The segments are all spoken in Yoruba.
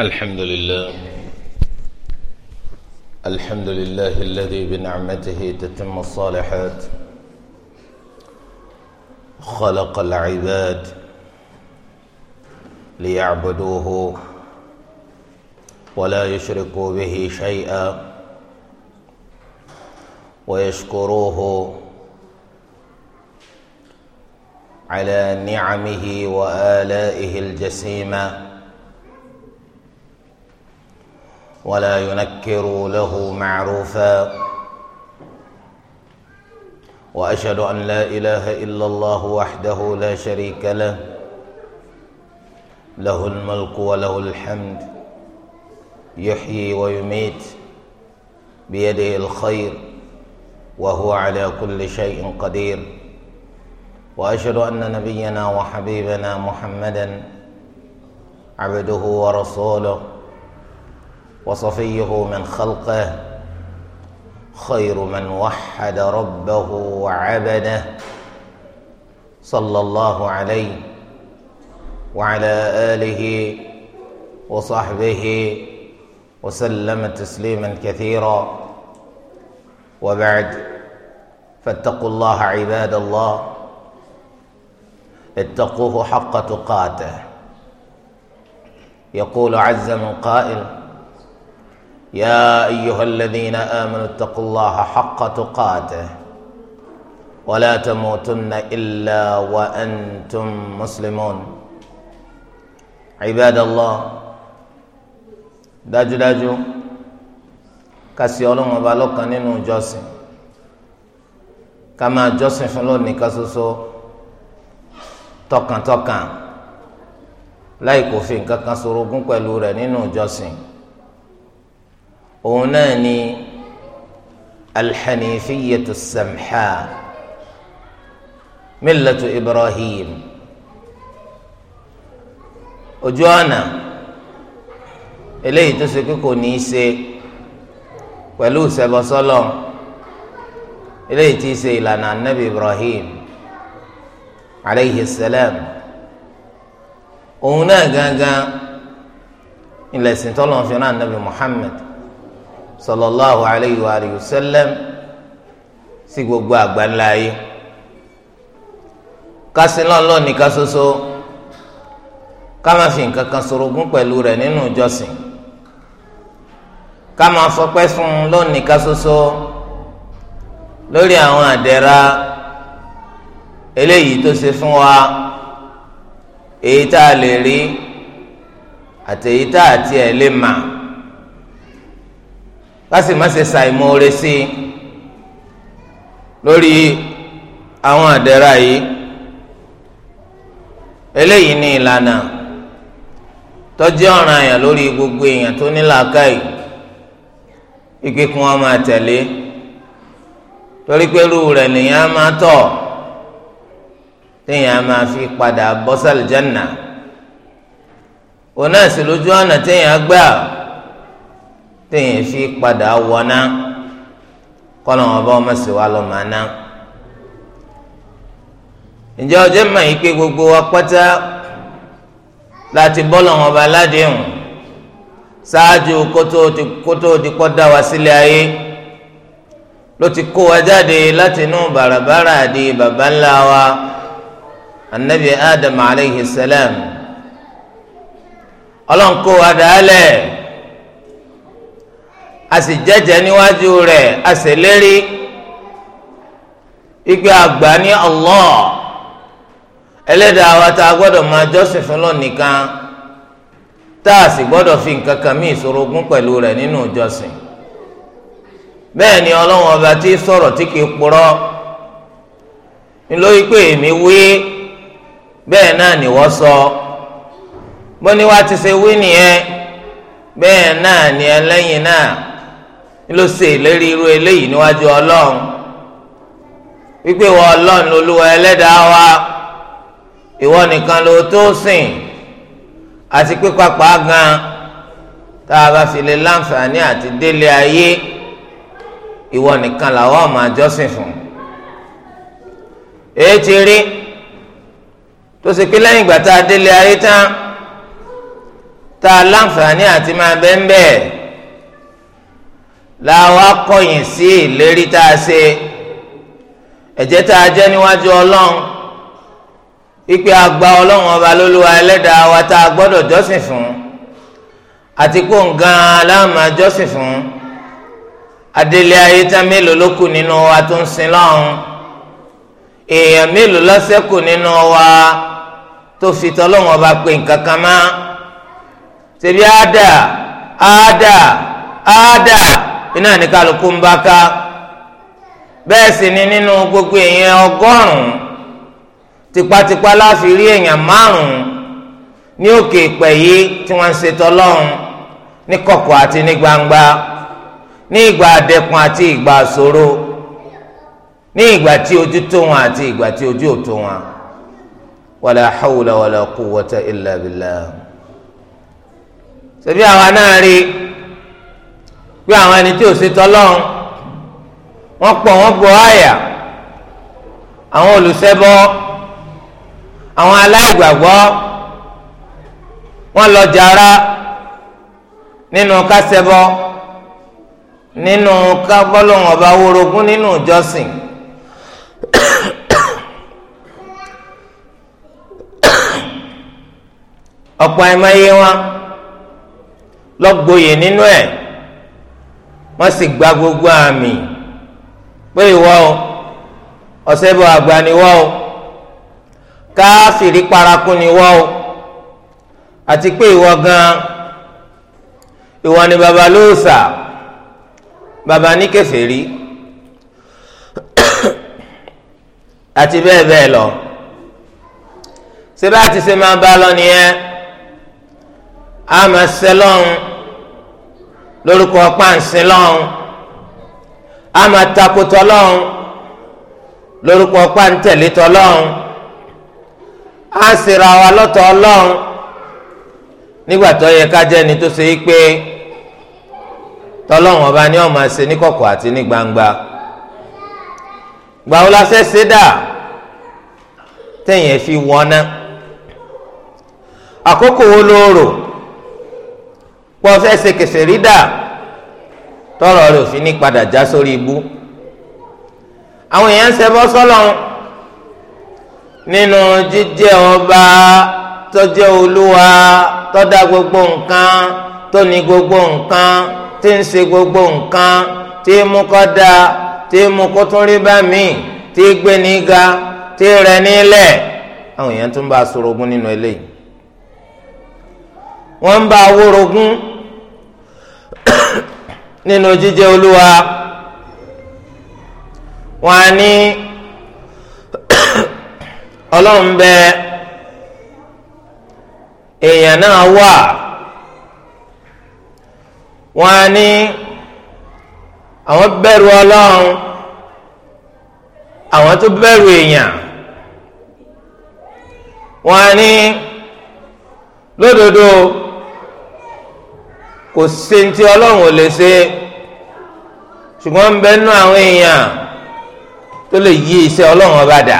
الحمد لله الحمد لله الذي بنعمته تتم الصالحات خلق العباد ليعبدوه ولا يشركوا به شيئا ويشكروه على نعمه والائه الجسيمه ولا ينكر له معروفا واشهد ان لا اله الا الله وحده لا شريك له له الملك وله الحمد يحيي ويميت بيده الخير وهو على كل شيء قدير واشهد ان نبينا وحبيبنا محمدا عبده ورسوله وصفيه من خلقه خير من وحد ربه وعبده صلى الله عليه وعلى اله وصحبه وسلم تسليما كثيرا وبعد فاتقوا الله عباد الله اتقوه حق تقاته يقول عز من قائل يا أيها الذين آمنوا اتقوا الله حق تقاته ولا تموتن إلا وأنتم مسلمون عباد الله داجو داجو kasi ọlọ́run ọba lọ́kan nínú ìjọsìn ká máa jọ́sìn fún lónìí ká ṣoṣo tọkàntọkàn láì kò fi nǹkan kan ṣorogún pẹ̀lú rẹ̀ nínú ìjọsìn òun náà ni alḥanifiyatu samḥa millatu ibrahim ojú ọ̀nà eléyìí tó ṣe pé kò ní í ṣe pẹ̀lú ìṣẹ̀bọ̀sọ́lọ̀ eléyìí tí í ṣe ìlànà anabi ibrahim aleyhi salam òun náà gángan ilẹ̀ sìntọ́lọ́ fi rán anabi muhammad sallallahu alayhi wa alihi wa sallam sí gbogbo àgbáńlá ayé kásìlọ́ọ̀lọ́ nìkan ṣoṣo ká má fi nǹkan kan sorogún pẹ̀lú rẹ̀ nínú ìjọsìn ká má fọpẹ́ fún un lónìí ká lórí àwọn àdẹ́ra eléyìí tó ṣe fún wa èyí tá a lè rí àtẹ̀yí tá a tiẹ̀ lè mà kásì má ṣe ṣàìmoore sí i lórí àwọn àdẹ́rà yìí eléyìí ní ìlànà tọ́jú ọ̀ràn àyàn lórí gbogbo èèyàn tó ní làákàyè ike kí wọ́n máa tẹ̀lé torí pé irú rẹ̀ nìyẹn á máa tọ̀ téèyàn á máa fi padà bọ́sàlì jẹ́nà òun náà sì lójú ọ̀nà téèyàn á gbà téèyàn fi padà wọná kọ́lọ́n ọba ọmọ sì wá lọ́ọ́ máa ná. ǹjẹ́ ọjọ́ mọ̀ yìí pé gbogbo wa pátá láti bọ́lọ̀ wọn ọba aládéhùn ṣáájú kótó ti kọ́ dá wa sílé ayé ló ti kó wa jáde láti inú bàràbàrà di bàbá ńlá wa anabi adam alayhi salam ọlọ́nkó wa dàálẹ̀ a sì jẹ́jẹ́ níwájú rẹ̀ a sì lérí ìgbé àgbà ní Allah ẹlẹ́dàá wa tá a gbọ́dọ̀ máa jọ́sìn fún lọ́nìkan tá a sì gbọ́dọ̀ fi nǹkan kan mí ìṣorogún pẹ̀lú rẹ̀ nínú ìjọsìn bẹ́ẹ̀ ni ọlọ́run ọba tí sọ̀rọ̀ tí kìí purọ́ nílòyí pé èmi wí bẹ́ẹ̀ náà nìwọ sọ bọ́ni wa ti ṣe wí nìyẹn bẹ́ẹ̀ náà ni ẹlẹ́yìn náà ló ṣe ìlérí irú eléyìí níwájú ọlọ́run wípé ìwọ ọlọ́run lolúwa ẹlẹ́dàá wa ìwọ nìkan ló tó sìn àti pípa pàágan tá a bá fi lè láǹfààní àti délé ayé ìwọ nìkan làwọn máa jọ́sìn fún èyí ti rí tó ṣe pé lẹ́yìn ìgbà tá a délé ayé tán tá a láǹfààní àti máa bẹ́ẹ̀ bẹ́ẹ̀ làwa kọ̀yìn sí ìlérí tá a ṣe ẹ̀jẹ́ tá a jẹ́ níwájú ọlọ́run ipe àgbà ọlọ́run ọba lólúwa ẹlẹ́dàá wa tá a gbọ́dọ̀ jọ́sìn fún àti kó nǹkan aláàmà jọ́sìn fún adélé ayé tán mélòó ló kù nínú wa tó ń sin lọ́run èèyàn mélòó ló ṣẹ́kù nínú wa tó fi tọ́lọ́run ọba pé nǹkan kan mọ́ ṣebí àádà àádà àádà iná ní kálukú ń bá ká bẹ́ẹ̀ sì ni nínú gbogbo èèyàn ọgọ́rùn-ún tipátipá láfi rí èèyàn márùn-ún ní òkè ìpẹ́ yìí tí wọ́n ń ṣètò ọlọ́run ní kọ̀kọ̀ àti ní gbangba ní ìgbà àdẹkùn àti ìgbà àṣòro ní ìgbà tí ojú tó wọn àti ìgbà tí ojú ò tó wọn wàlà hawla wàlà quwwata illa billah ṣebí àwa náà rí i. pé àwọn ẹni tí ò ṣe tọ́lọ́run wọ́n pọ̀ wọ́n gbọ́ àyà àwọn olùṣẹbọ àwọn aláìgbàgbọ́ wọ́n lọ jàrá nínú kásẹbọ nínú kábọlọhùn ọba wórogún nínú ìjọsìn ọ̀pọ̀ yé wọn nínú wọ́n sì gba gbogbo àmì pé ìwọ o ọ̀sẹ̀ bọ̀ àgbà ni wọ́ o káfìrí paraku ni wọ́ o àti pé ìwọ gan ìwọ ni babalóòsà baba ní kèfèrí àti bẹ́ẹ̀ bẹ́ẹ̀ lọ ṣé bá ti máa bá lọ nìyẹn àmọ́ sẹ́lọ́n lórúkọ páǹsì lọ́hùn a máa takotọ lọ́hùn lórúkọ páǹtẹ̀lẹ́tọ lọ́hùn a sì ra wa lọ́tọ̀ lọ́hùn nígbà tó yẹ ká jẹ́ ni tó ṣe é pé tọ́lọ́hùn ọba ni ó ṣe ní kọ̀kọ̀ àti ní gbangba gbàwó la ṣe ṣe fi wọ́n àkókò wo lóòrò kó o fẹ́ ṣe kẹsẹ̀ rí dà tọrọ rẹ òfin ní padà já sórí ibú àwọn èèyàn ń ṣẹbọ sọ́lọ́run nínú jíjẹ́ ọba tó jẹ́ olúwa tó dá gbogbo nǹkan tó ní gbogbo nǹkan tí ń ṣe gbogbo nǹkan tí mú kó dáa tí mú kó tún rí bá mi tí gbé ní ga tí rẹ̀ nílẹ̀ àwọn èèyàn tún bá sorogún nínú eléyìí wọ́n ń bá awórogún nínú jíjẹ olúwa wọ́n á ní ọlọ́run bẹ èèyàn náà wà wọ́n á ní àwọn bẹ̀rù ọlọ́run àwọn tó bẹ̀rù èèyàn wọ́n á ní lódodo kò sí ní ti ọlọ́run ò lè ṣe ṣùgbọ́n ń bẹ nú àwọn èèyàn tó lè yí iṣẹ́ ọlọ́run ọba dà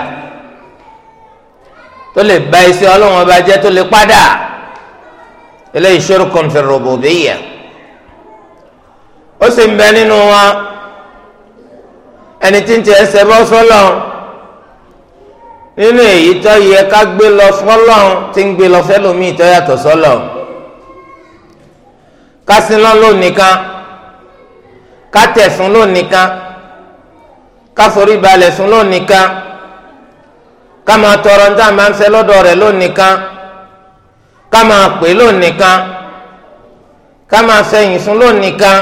tó lè bà iṣẹ́ ọlọ́run ọba jẹ́ tó lè padà eléyìí shirkun fi rububiyyah ó sì ń bẹ nínú wọn ẹni tí ń tẹ ẹsẹ̀ bọ́ sọ́lọ́ nínú èyí tó yẹ ká gbé lọ fọ́lọ́ tí ń gbé lọ fẹ́lòmíì tó yàtọ̀ sọ́lọ́. kásínlọ́ lónìkan kátẹ̀sùn lónìkan káforí balẹ̀ sùn lónìkan káma tọrọ ní táwọn máa ń fẹ́ lọ́dọ̀ rẹ̀ lónìkan káma pè lónìkan káma fẹ̀yìn sùn lónìkan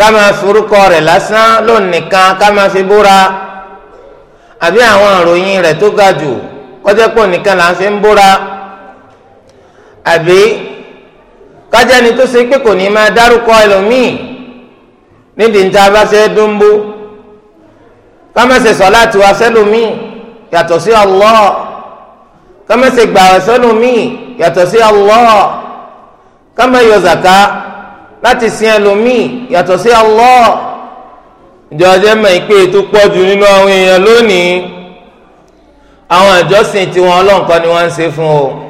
káma forúkọ rẹ̀ lásán lónìkan káma fi búra àbí àwọn àròyìn rẹ̀ tó ga jù kọjá pọ̀ nìkan là ń fi ń búra àbí. kájá ni tó ṣe pé kò ní máa dárúkọ ẹlòmíì nídìí níta bá ṣe dúnbó ká má ṣe sọ̀láàtì wa sẹ́lòmíì sí Allah ká má ṣe gbààwẹ̀ sẹ́lòmíì yàtọ̀ sí Allah ká má yọ zàká láti sin ẹlòmíì yàtọ̀ sí Allah ìjọba mọ̀ ìpè tó pọ̀ jù nínú àwọn èèyàn lónìí àwọn ìjọsìn tiwọn ọlọ́nkọ́ ni wọ́n ń ṣe fún o.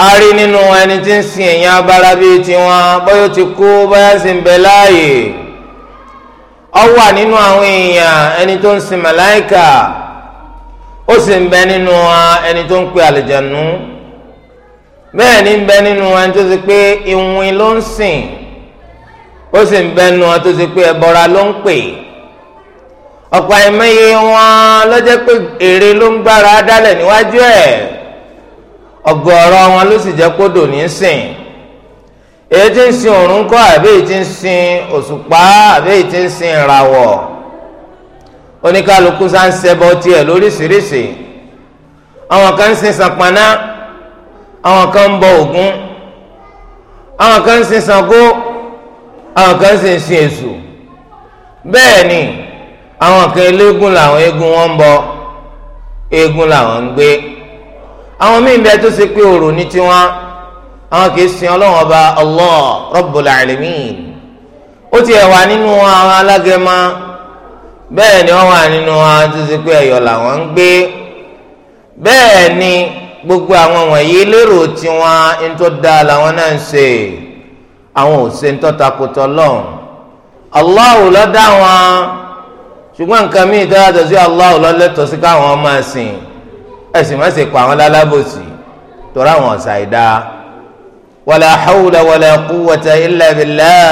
a rí nínú ẹni tí ń sin èèyàn abara bíi tiwọn bóyá ó ti kú bóyá sì ń bẹ láàyè ọ wà nínú àwọn èèyàn ẹni tó ń sin màláìkà ó sì ń bẹ nínú ẹni tó ń pe àlìjànú bẹ́ẹ̀ ni ń bẹ nínú ẹni tó ti pé ìwìn ló ń sìn ó sì ń bẹ nínú ẹni tó ti pé ẹbọra ló ń pè ọ̀pọ̀ àìmọye wọn lọ́jọ́ jẹ́ pé èrè ló ń gbára dálẹ̀ níwájú ẹ̀. ọ̀gọ̀rọ̀ wọn ló sì jẹ́ kódò ní sìn èyí tí ń sin òrùn kọ́ àbí èyí tí ń sin òṣùpá àbí èyí tí ń sin ìràwọ̀ oníkálukú sá ń ṣẹbọ tiẹ̀ lóríṣiríṣi àwọn kan ń sin sàpàná àwọn kan ń bọ Ògún àwọn kan ń sin Ṣàngó àwọn kan ń sin sin Èṣù bẹ́ẹ̀ ni àwọn kan eléégún làwọn eégún wọn ń bọ eégún làwọn ń gbé àwọn míì bẹ tó ṣe pé òrò ní tiwọn àwọn kì í sin ọlọ́wọ́n ọba Allah Rabbul Alamin ó tiẹ̀ wà nínú àwọn alágẹ̀mọ bẹ́ẹ̀ ni wọ́n wà nínú àwọn tó ṣe pé ẹ̀yọ̀ làwọn ń gbé bẹ́ẹ̀ ni gbogbo àwọn wọ̀nyí lérò tiwọn ń tó dáa làwọn náà ń ṣe àwọn ò ṣe ń tọ́ta kò lọ́hùn Allah ò lọ́ dá wọn ṣùgbọ́n nǹkan míì tó yàtọ̀ sí Allah ò lọ́ lẹ́tọ̀ọ́ sí káwọn máa sìn ẹ̀sìn má ṣe kọ àwọn lálábòsì torí àwọn ọ̀sà ìdá wàlà hawla wàlà quwwata illa billah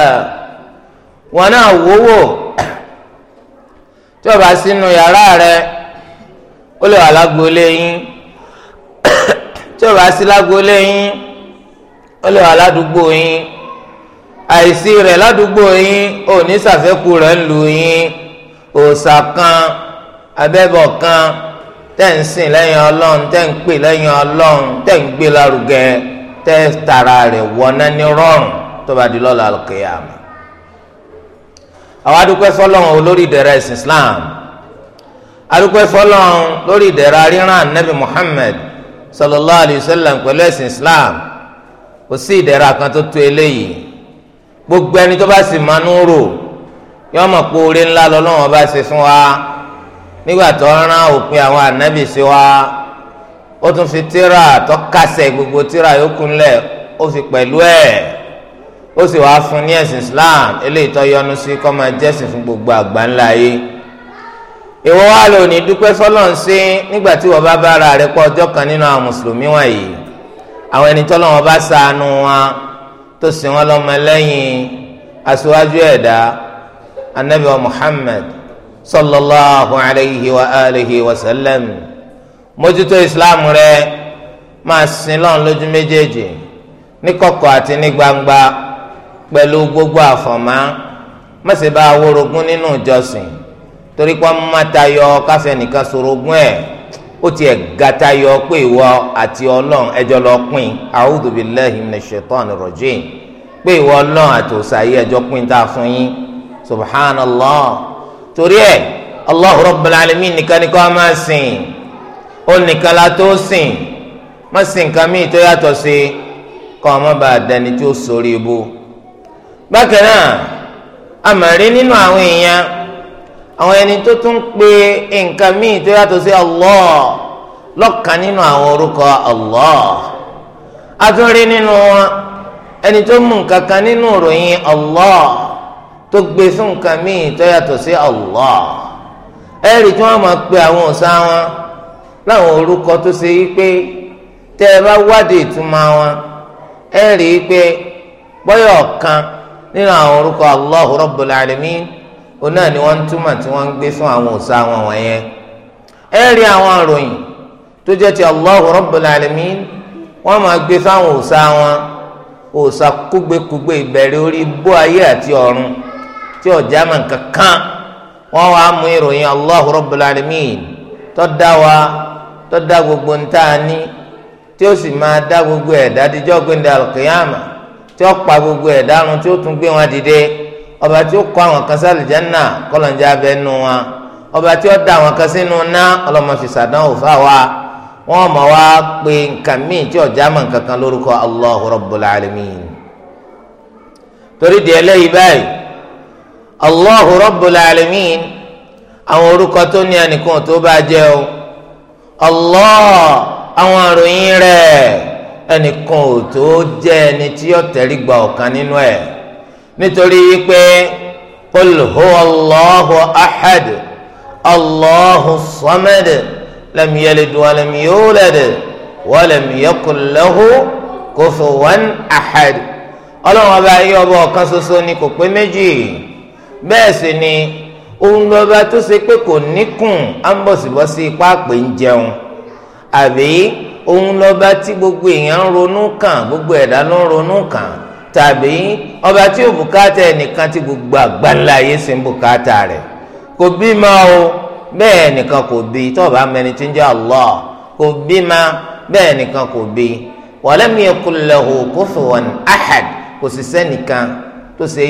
wọn náà wówó tí o bá sínú yàrá rẹ ó lè wà lágboolé yín tí o bá sí lágboolé yín ó lè wà ládùúgbò yín àìsí rẹ̀ ládùúgbò yín ò ní ṣàfẹ́kù rẹ̀ ń lù yín òòṣà kan abẹ́bọ̀ kan tẹ́ ń sìn lẹ́yìn ọlọ́run tẹ́ ń pè lẹ́yìn ọlọ́run tẹ́ ń gbé lárugẹ tẹ́ rẹ̀ wọná ní rọrùn tó bá di lọ́la al-qiyama. àwọn adúpẹ́ fọlọ́run olórí ìdẹ̀ra ẹ̀sìn Islam adúpẹ́ fọlọ́run lórí ìdẹ̀ra ríran anabi Muhammad sallallahu alayhi wa sallam pẹ̀lú ẹ̀sìn Islam kò sí ìdẹ̀ra kan tó tó eléyìí gbogbo ẹni tó bá sì máa ń rò yọmọ nígbà tó rán òpin àwọn ànábì sí wa ó tún fi tíra tó kásẹ̀ gbogbo tíra yòókù ńlẹ̀ ó fi pẹ̀lú ẹ̀ ó sì wáá fún ní ẹ̀sìn Islam eléyìí tó yọ́nú sí kó máa jẹ́sìn fún gbogbo àgbáńlá yìí ìwọ wa lò ní dúpẹ́ fọlọ́n sí nígbà tí wọ́n bá bára rẹ pọ̀ ọjọ́ kan nínú àwọn mùsùlùmí wọ̀nyí àwọn ẹni tọ́lọ́wọ́n bá ṣàánú wọn tó sì wọn lọ́mọ lẹ́yìn aṣíwájú ẹ̀dá anabi wa Muhammad sallallahu alayhi wa alihi wa sallam mójútó islam rẹ máa sin lọ́n lójú méjèèjì ní kọ̀kọ̀ àti ní gbangba pẹ̀lú gbogbo àfọ̀mọ́ má ṣe bá aworogún nínú ìjọsìn torí pé wọ́n má tayọ káfẹ́ nìkan sorogún ẹ̀ ó tiẹ̀ ga tayọ pé ìwọ àti ọlọ́run ẹjọ́ lọ pín a'udhu billahi minash shaitani rajim pé ìwọ ọlọ́run àti òsàyé ẹjọ́ pín tá a fún yín subhanallah torí ẹ̀ Allahu Rabbul Alamin nìkan ni kò máa sìn ó nìkan la tó sìn má sìn nǹkan míì tó yàtọ̀ sí kọ́ ọ má bàa dání tó sórí ibu bákan náà àmàrí nínú àwọn èèyàn àwọn ẹni tó tún pe nǹkan míì tó yàtọ̀ sí Allah lọ́kàn nínú àwọn orúkọ Allah a tún rí nínú wọn ẹni tó mú nǹkan kan nínú ìròyìn Allah. tó gbé fún nǹkan míì tó yàtọ̀ sí Allah ẹ̀rí tí wọ́n máa pe àwọn ọ̀sá wọn láwọn orúkọ tó ṣe yí pé tẹ́ ẹ bá wádìí ìtumọ̀ wọn pé bọ́yọ̀ ọ̀kan nínú àwọn orúkọ Allah Rabbul Alamin náà ni wọ́n ń wọ́n ń àwọn ọ̀sá wọn wọ̀nyẹn àwọn àròyìn tó jẹ́ ti Allah wọ́n máa gbé tí ọjà máa kankan wọn wàá mú ìròyìn Allahu Rabbul Alamin tó dá wa tó dá gbogbo ntá ní tí ó sì máa dá gbogbo ẹ̀dá díjọ́ gbẹ̀ndẹ̀ al-qiyama tí ó pa gbogbo ẹ̀dá run tí ó tún gbé wọn dìde ọba tí ó kọ àwọn kan sí àlùjánnà kọlọ̀njá abẹ́ nu wọn ọba tí ó dá àwọn kan sínú ná ọlọ́mọfìsàdán òfà wa wọn mọ̀ wá pé nǹkan míì tí ọjà mọ̀ nǹkan kan lórúkọ Allahu Rabbul Alamin torí di eléyìí báyìí allahu rabbul alamin àwọn orúkọ tó ní ẹnìkan tó bá jẹ́ o allah àwọn àròyìn rẹ̀ ẹnìkan ò tó jẹ́ ẹni tí yóò tẹrí gba ọ̀kan nínú ẹ̀ nítorí pé qul huwa allahu ahad allahu samad lam yalid wa lam yulad wa lam yakul lahu kufuwan ahad ọlọ́run ọba yìí ọba ọ̀kan ṣoṣo ni kò pé méjì. bẹ́ẹ̀ sì ni ohun lọ́ba tó ṣe pé kò níkùn ámbọ̀sibọ́sí ipá ń jẹun àbí gbogbo èèyàn ń ronú gbogbo ẹ̀dá ló ń ronú ọba tí ò bùkátà ẹnìkan tí gbogbo àgbáńlá sì ń bùkátà rẹ̀ kò ma o bẹ́ẹ̀ nìkan kò bí tọ́ọ̀bù amẹni tí ń jẹ́ Allah kò bímọ bẹ́ẹ̀ nìkan kò bí ahad kò sì sẹ́nìkan tó ṣe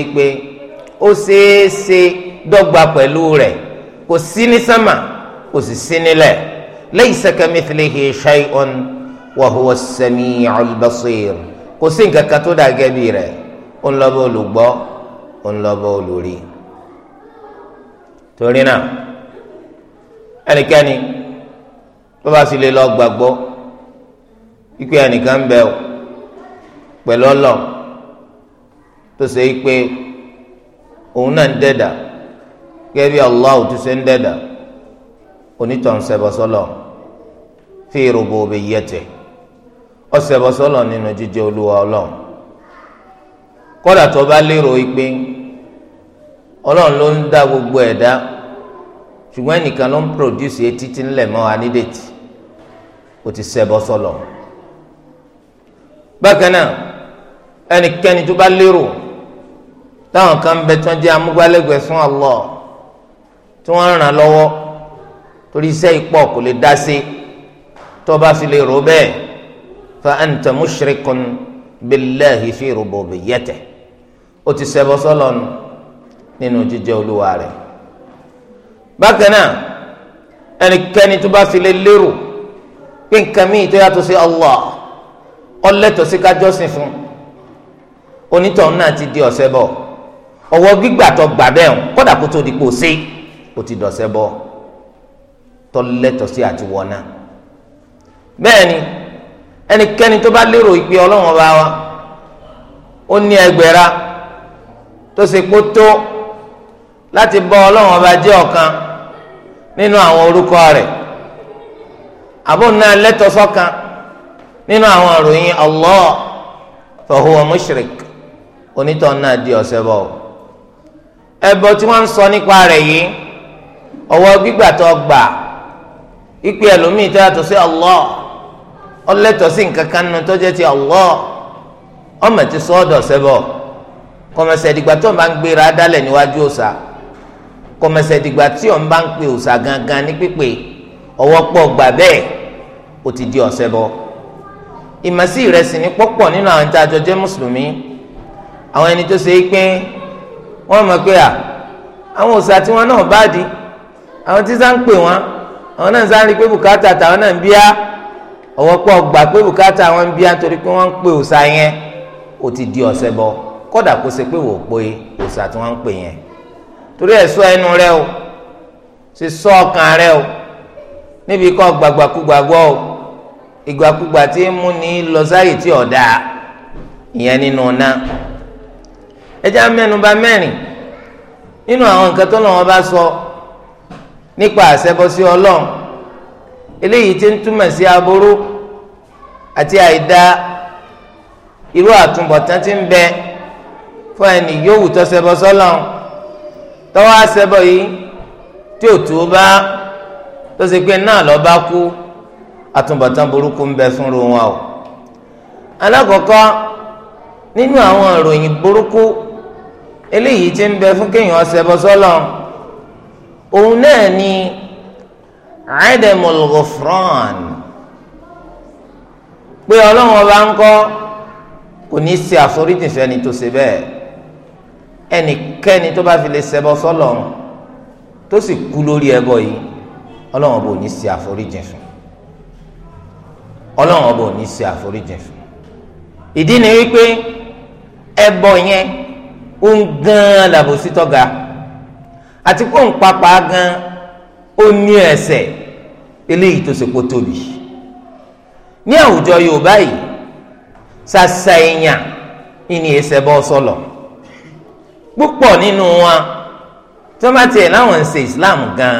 ó ṣeéṣe dọ́gba pẹ̀lú rẹ̀ kò sí ní sánmà kò sì sí nílẹ̀ laysa kamithlihi shay'un wa huwa as-sami'ul basir kò sí nǹkan kan tó dà gẹ́bí rẹ̀ ó ń lọ bá olùgbọ́ ó ń lọ bá olùrí torí náà ẹnikẹ́ni tó bá sì lè lọ gbàgbọ́ ikú ẹnìkan bẹ̀ pẹ̀lú ọlọ́ tó ṣe é pé. òun náà ń dẹ́dà gẹ́gẹ́ bí Allah ti ṣe ń dẹ́dà onítàn ṣẹbọsọlọ fi rububiyyati ọṣẹbọsọlọ nínú jíjẹ olúwa ọlọ́run kódà tó bá lérò ìpín ọlọ́run ló ń dá gbogbo ẹdá ṣùgbọ́n ẹnìkan ló ń pòdúsì etí tí ń lẹ̀ mọ́ anídètì ó ti ṣẹbọ sọlọ bákan náà ẹnikẹ́ni tó bá lérò. táwọn kan ń bẹ tí wọ́n jẹ́ amúgbálẹ́gbẹ̀ẹ́ fún Allah tí wọ́n ràn lọ́wọ́ torí iṣẹ́ ìpọ̀ kò lè dá sí tó bá fi lè rò bẹ́ẹ̀ fa anta mushrikun billahi fi rububiyyatihi ó ti ṣẹbọ sọ́lọ́nu nínú jíjẹ́ olúwa rẹ̀ bákan náà ẹnikẹ́ni tó bá fi lè lérò pé nǹkan míì tó yàtọ̀ sí Allah ọlẹ́tọ̀ sí kájọ́sìn fún onítọ̀hún náà ti di ọ̀sẹ̀ bọ̀ ọwọ́ gbígbà tó gbà bẹ́ẹ̀ hàn kódà kó tó di kó sí ó ti dọ̀sẹ̀ bọ́ tọ́lẹ́tọ̀sí àti wọ̀nà bẹ́ẹ̀ ni ẹnikẹ́ni tó bá lérò ìpè ọlọ́run ọba wa ó ní ẹgbẹ̀ra tó ṣe pé tó láti bọ́ ọlọ́run ọba jẹ́ ọ̀kan nínú àwọn orúkọ rẹ̀ àbónà lẹ́tọ̀sọ́kan nínú àwọn ìròyìn Allah fa huwa onítọ̀ náà di ọ̀sẹ̀ bọ́ọ̀ ẹbọ tí wọ́n ń sọ nípa rẹ̀ yìí ọwọ́ gbígbà tó gbà ìpè ẹlòmíì tó yàtọ̀ sí Allah ọlẹ́tọ̀ sí nǹkan kan nínú tó jẹ́ ti Allah ọmọ ti sọ ọ́dọ̀ sẹ́bọ̀ kọmẹsẹ̀ dìgbà tó ń bá ń gbéra dálẹ̀ níwájú òòṣà kọmẹsẹ̀ dìgbà tí ò ń bá ń pe òòṣà gangan ní pípé ọwọ́ pọ̀ gbà bẹ́ẹ̀ ó ti di ọ̀sẹ̀bọ ìmọ̀sí ìrẹsì ní pọ́pọ̀ nínú àwọn tá a jọ jẹ́ mùsùlùmí àwọn ẹni tó ṣe é pín wọ́n mọ̀ pé à àwọn òòṣà tí wọ́n náà bá di àwọn tí sá ń pè wọ́n àwọn náà sá ń rí pé bùkátà tàwọn náà ń bíá ọ̀wọ́ pọ̀ gbà pé bùkátà àwọn ń bíá nítorí pé wọ́n ń pè yẹn ó ti di ọ̀sẹ̀ bọ̀ kọ́dà kó ṣe pé wò ó pé tí wọ́n ń pè yẹn torí ẹ̀sọ́ ẹnu rẹ o ṣe sọ ọkàn rẹ o níbi ẹjẹ́ amẹ́nuba mẹrin nínú àwọn nǹkan tó lọ́wọ́ bá sọ nípa àṣẹbọsí ọlọ́run eléyìí ti ń túmọ̀ sí aburú àti àìda irú àtúbọ̀tán ti ń bẹ fún ẹni yòówù tó ṣẹbọ tọ́wọ́ àṣẹbọ yìí tí ò tó bá tó ṣe pé náà lọ́ọ́ bá kú àtúbọ̀tán burúkú ń bẹ fún wọn o alákọ̀ọ́kọ́ nínú àwọn ìròyìn burúkú. eléyìí ti ń bẹ fún kéèyàn ṣẹbọ sọ́lọ̀ òun náà ni àìdẹ̀mọ̀l gọ̀frán pé ọlọ́run ọba ń kọ́ kò ní í ṣe àforíjì fẹ́ni tó ṣe bẹ́ẹ̀ ẹnikẹ́ni tó bá fi lè ṣẹbọ sọ́lọ̀ tó sì kú lórí ẹbọ yìí ọlọ́run ọba ní í ṣe àforíjì fún ọlọ́run ọba ní í ṣe àforíjì fún ìdí ni wípé ẹbọ yẹn ó ń gan làbòsí tọ́ga àti kó ń papà gan ó ní ẹ̀ṣẹ̀ eléyìí tó ṣe kó tóbi ní àwùjọ Yorùbá yìí ṣàṣà èèyàn ìní ẹsẹ̀ bọ́ sọ̀lọ̀ púpọ̀ nínú wa tó bá tiẹ̀ láwọn ń ṣe Islam gan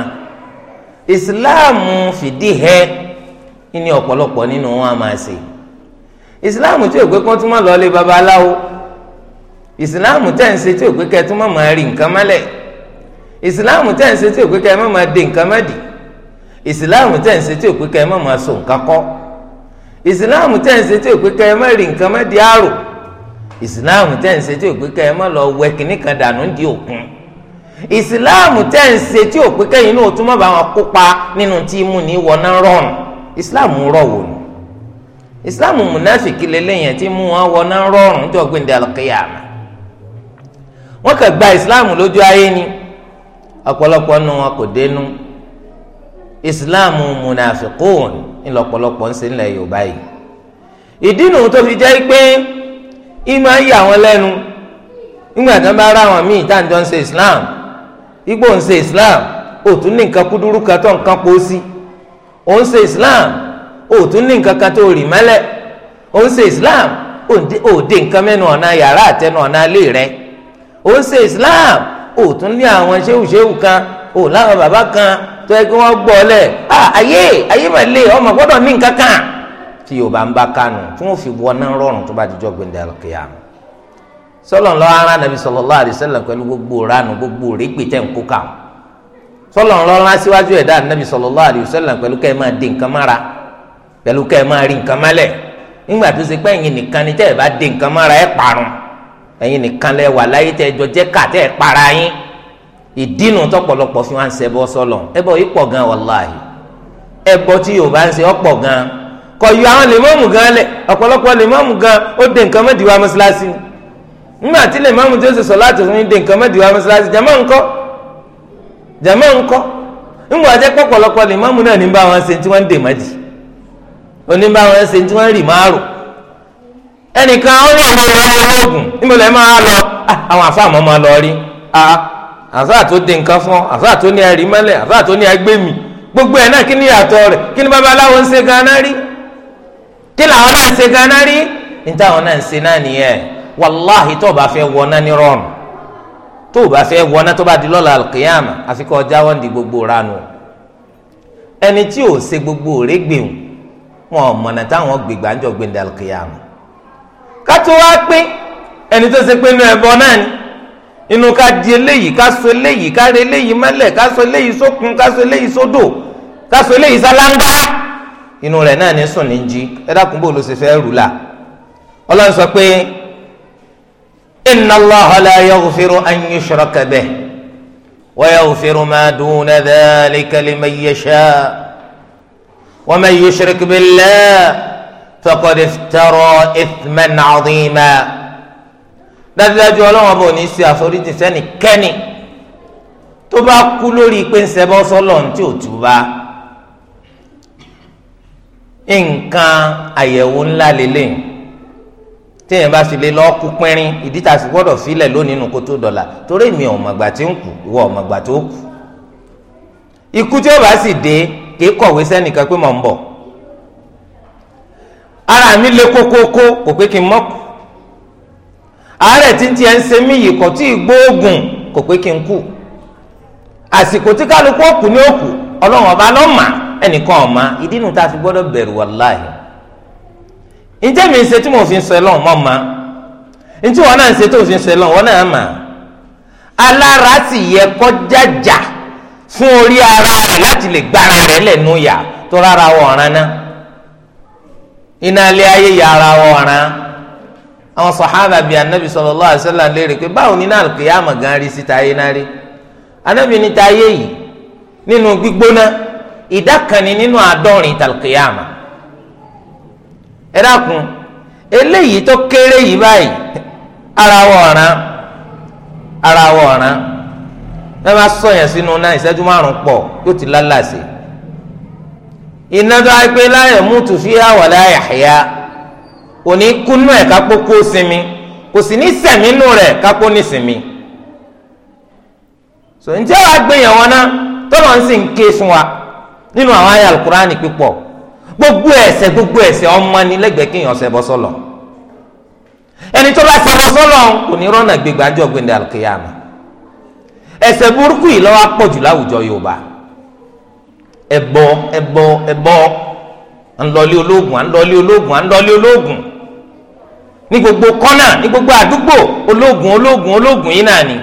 Islam fìdí hẹ ìní ọ̀pọ̀lọpọ̀ nínú wa máa ṣe Islam tí ò gbé kó tún má lọ lé babaláwo ìsìláàmù tẹ̀ ń ṣe tí òpè kẹ́ tó má máa rí nǹkan mọ́lẹ̀ ìsìláàmù tẹ̀ ń ṣe tí òpè kẹ́ má máa de nǹkan mọ́dì ìsìláàmù tẹ̀ ń ṣe tí òpè kẹ́ má máa so nǹkan kọ́ ìsìláàmù tẹ̀ ń ṣe tí òpè kẹ́ má rí nǹkan mọ́dì àrò ìsìláàmù tẹ̀ ń ṣe tí òpè kẹ́ má lọ wẹ kínní kan dànù di òkun ìsìláàmù tẹ̀ ń ṣe tí òpè kẹ́ inú òtún má bá wọn kópa nínú tí mú ní wọná rọrùn ìsìláàmù rọ̀ wò ni ìsìláàmù múnáfìkì lélẹ́yìn tí mú wọn wọná rọrùn níjọ́ gbẹ̀ndẹ̀ àlùkìyàmà wọ́n kàn gba islamu lójú ayé ni ọ̀pọ̀lọpọ̀ nu wọn kò dénú ìsìláàmù mùnàfíkùn ńlọ́pọ̀lọpọ̀ ń ṣe ńlẹ̀ yorùbá yìí ìdí nu tó fi jẹ́ pé ìmọ̀ ayé àwọn lẹ́nu nígbà tí wọ́n bá rá àwọn míì islam igbó ń islam òtún ní nǹkan kúdúrú kan tó nǹkan sí islam òtún ní nǹkan kan tó rì mẹ́lẹ̀ ó ń ṣe islam ó tún ní àwọn ṣéwù ṣéwù kan ó láwọn bàbá kan tó yẹ kí wọ́n gbọ́ lẹ̀ ayé ayé mà lè ọmọ gbọ́dọ̀ ní nǹkan kan tí yorùbá ń bá kánú tí wọ́n fi wọná rọrùn tó bá dijọ́ gbẹ̀ndẹ̀ àlùkìyàmù sọlọ ńlọ ara nàbí sallallahu alaihi wasallam pẹ̀lú gbogbo ranu gbogbo rẹgbẹ tẹ ń kó kà ó sọlọ ńlọ ara síwájú ẹ̀dá nàbí sallallahu alaihi wasallam pẹ̀lú kẹ ẹ máa di nǹkan mára pẹ̀lú kẹ ẹ máa rí nǹkan mọ́lẹ̀ nígbà tó ṣe pé ẹ̀yin nìkan ni tẹ ẹ bá di nǹkan mára ẹ parun ẹ̀yin nìkan lẹ wà láyé tẹ ẹjọ jẹ para yín ìdínú tọ̀pọ̀lọpọ̀ fi wọn ṣẹbọ sọlọ ẹbọ yìí pọ̀ gan wàláhì ẹbọ yorùbá ń ṣe gan kọ yọ àwọn lèmọọmù gan lẹ ọ̀pọ̀lọpọ̀ lèmọọmù gan ó de nǹkan mẹdìwá mọ́sálásí nígbà tí sọ láti de nǹkan mẹdìwá jẹ pọpọlọpọ náà ní bá wọn ṣe tí wọn ń dè mọdì ẹnìkan ó wà lórí ọ̀rọ̀ ogun níbo lẹ́ máa lọ ah, àwọn àfa àmọ́ máa lọ rí ah, àfa tó de nǹkan fún àfa tó ní ẹ̀rí mọ́lẹ̀ àfa tó ní ẹgbẹ́ mi gbogbo ẹ̀ náà kí ni ìyàtọ̀ rẹ̀ kí ni babaláwo ń ṣe ganan rí kí làwọn náà ń ṣe ganan rí níta náà ń ṣe náà nìyẹn wàláhì tó o bá fẹ́ wọná ní rọrùn tó o bá fẹ́ wọná tó bá di lọ́la alkiyama àfi kọ́ jáwọ́ ń di gbogbo ranu ẹni tí ò ṣe gbogbo rẹ́gbẹ̀ẹ́ wọn mọ̀nà táwọn gbègbà ń jọ gbẹ̀ndẹ̀ alkiyama kátó wá pín ẹni tó ṣe pé inú ẹbọ náà ni inú ká di eléyìí ká so eléyìí ká re eléyìí mọ́lẹ̀ ká so eléyìí sókun ká so eléyìí sódò ká so eléyìí sálángá inú rẹ̀ náà ní sùn ní jí ẹ dákun bò ló ṣe fẹ́ rù la ọlọ́run sọ pé inna Allaha la yaghfiru an yushraka bihi wa yaghfiru ma duna dhalika liman yasha wa man yushrik billah faqad iftara ithman azima dájúdájú ọlọ́run ọba ò ní ṣe àforíjì sẹ́nìkẹ́ni tó bá kú lórí pé ń ṣẹbọ sọ́lọ̀ ní tí ò túbá nǹkan àyẹ̀wò ńlá lélẹ̀ téèyàn bá sì lè lọ́ọ́ kú pínrín ìdí tá sì gbọ́dọ̀ filẹ̀ lónìí nù kó tó dọ̀là torí mi ò mọ̀gbà tí ń kù ìwọ ò tó kù ikú tí ó bá sì dé kì í kọ̀wé pé mò ń bọ̀ ara mi le kókókó kò pé kí n mọ́kù àárẹ̀ tí ń tiẹ̀ ń ṣe mí yìí kò tí ì gbóògùn kò pé kí n kú àsìkò tí kálukú òkú ní òkú ọlọ́run ọba lọ́mà ẹnìkan ọ̀ma ìdí nu ta fi gbọ́dọ̀ bẹ̀rù wàláhì ǹjẹ́ mi ń ṣe tí mo fi ń sọ ẹ lọ́hùn mọ́ ma ǹjẹ́ wọn náà ń ṣe tó fi ń sọ ẹ lọ́hùn wọn náà mà alára sì yẹ kọjájà fún orí ara rẹ̀ láti lè gbára rẹ̀ lẹ̀ nú yà tó rárá wọ̀ ọ̀ràn náà. iná ilé ayé yàrá ọ̀ràn àwọn sàhábà bíi anabi sallallahu alaihi wasallam léèrè pé báwo ni náà kìyàmà gan rí síta ayé náà rí anabi níta ayé yìí nínú gbígbóná ìdá kan ni nínú àádọ́rin tàlùkìyàmà ẹ dákun eléyìí tó kéré yìí báyìí ara ọ̀ràn ara ọ̀ràn ẹ máa sọ yẹn sínú náà ìṣẹ́jú márùn-ún pọ̀ yóò ti lálàsì. iná tó wáyé pé fi fiha wa la osimi ẹ̀ kápó kó sinmi kò sì ní sẹ̀mí nù rẹ̀ kápó ní sinmi. sọ ǹjẹ́ wàá wọn tọ́lọ̀ ń ké gbogbo ese gbogbo ẹ̀ṣẹ̀ ọmọ ni lẹ́gbẹ̀ẹ́ kéèyàn ṣẹbọ sọ́lọ̀ ẹni tó bá ṣẹbọ sọ́lọ̀ kò ní rọ́nà gbégbá jọ gbẹ̀ndẹ̀ ẹbọ ẹbọ ẹbọ à ológun à ológun gbogbo kọ́nà ní gbogbo àdúgbò ológun ológun ológun yìí náà ni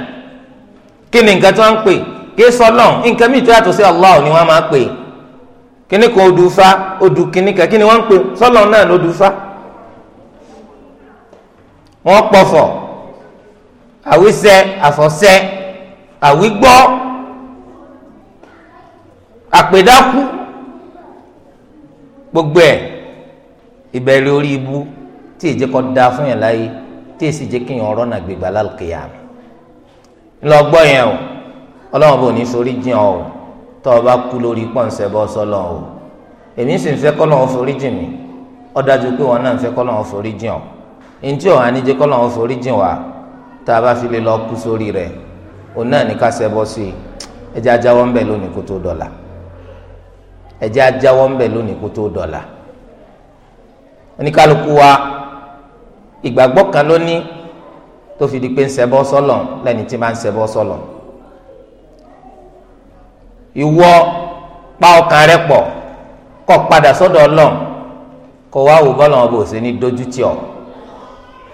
kí ni nǹkan tí wọ́n ń pè kí sọ́lọ̀ nǹkan mìíràn tó yàtọ̀ sí Allah ni wọ́n máa pè kan kí ni wọ́n ń pè náà àpèdákú gbogbo ẹ̀ ìbẹ̀rẹ̀ orí ibu tí èjẹ́ kọ́ da fún yẹn láyé tí èsì jẹ́ kéèyàn ọ̀rọ̀ náà gbégbá lálùkìyà ńlọ gbọ́ yẹn o ọlọ́wọ́n bò ní sórí jìn ọ́ tó o bá kú lórí pọ́ǹsẹ̀ bọ́ sọ́lọ́ o èmi sì ń fẹ́ kọ́ lọ́wọ́ forí jìn mí ó dájú pé wọn náà ń fẹ́ kọ́ lọ́wọ́ forí jìn ọ́ ntí ọ̀hán ni jẹ́ kọ́ lọ́wọ́ forí jìn wá tá a bá fi lè lọ kú sórí rẹ̀ òun náà ní ká ṣẹbọ sí i ẹ ẹ̀jẹ̀ ajáwọ́ ńbẹ̀ lónìí kó tó dọ̀la oníkálukú wa ìgbàgbọ́ kan ló ní tó fi di pé ń ṣẹbọ sọ́lọ̀ lẹ́ni tí máa ń ṣẹbọ sọ́lọ̀ ìwọ pa ọkàn rẹ pọ̀ kó padà sọ́dọ̀ Ọlọ́run kó wá wò bọ́lọ̀ wọn bò ṣe ní dójútì ọ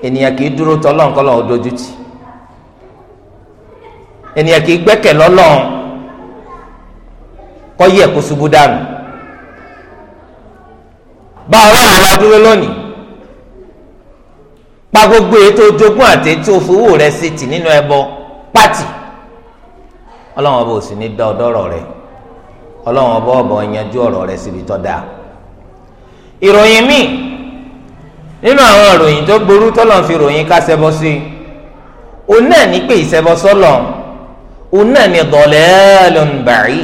ènìyàn kì í dúró tọ́lọ́run kọ́ lọ́wọ́ dójútì ènìyàn kì í gbẹ́kẹ̀ lọ́lọ́run kó yẹ kó ṣubú dànù bá ọlọ́run wa dúró lónìí pa gbogbo ètò ojogún àti ètò òfowó rẹ sí ti nínú ẹbọ pátì ọlọ́run ọba ò sì ní dá ọdọ́rọ̀ rẹ ọlọ́run ọba ọba yanjú ọ̀rọ̀ rẹ síbi tó dáa ìròyìn míì nínú àwọn ìròyìn tó burú tọ́lọ̀ fi ròyìn ká ṣẹbọ sí òun náà ní pé ìṣẹbọ sọ́lọ̀ òun náà ní dọ̀lẹ́ẹ̀lùn bàrí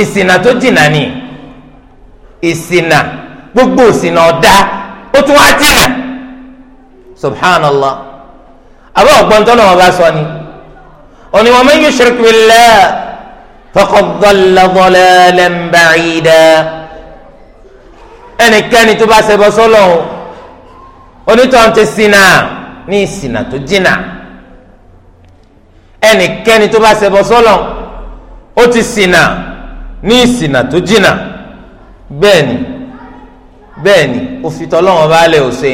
ìsìnà tó jìnnà ni. Pe, ìṣìnà gbogbo ìṣìnà ọ̀dá ó tún wá tìnà subhanallah àbá ọ̀gbọ́n tó náà wọ́n bá sọ ni òní wa man yushrik billah faqad dhalla dhalalan ba'ida ẹnikẹ́ni tó bá ṣẹbọ sọ́lọ́hun onítọ̀hún ti ṣìnà ní ìṣìnà tó jìnà ẹnikẹ́ni tó bá ṣẹbọ sọ́lọ́hun ó ti ṣìnà ní ìṣìnà tó jìnà bẹ́ẹ̀ni bẹ́ẹ̀ni òfin tọlọ́run bá lè òsè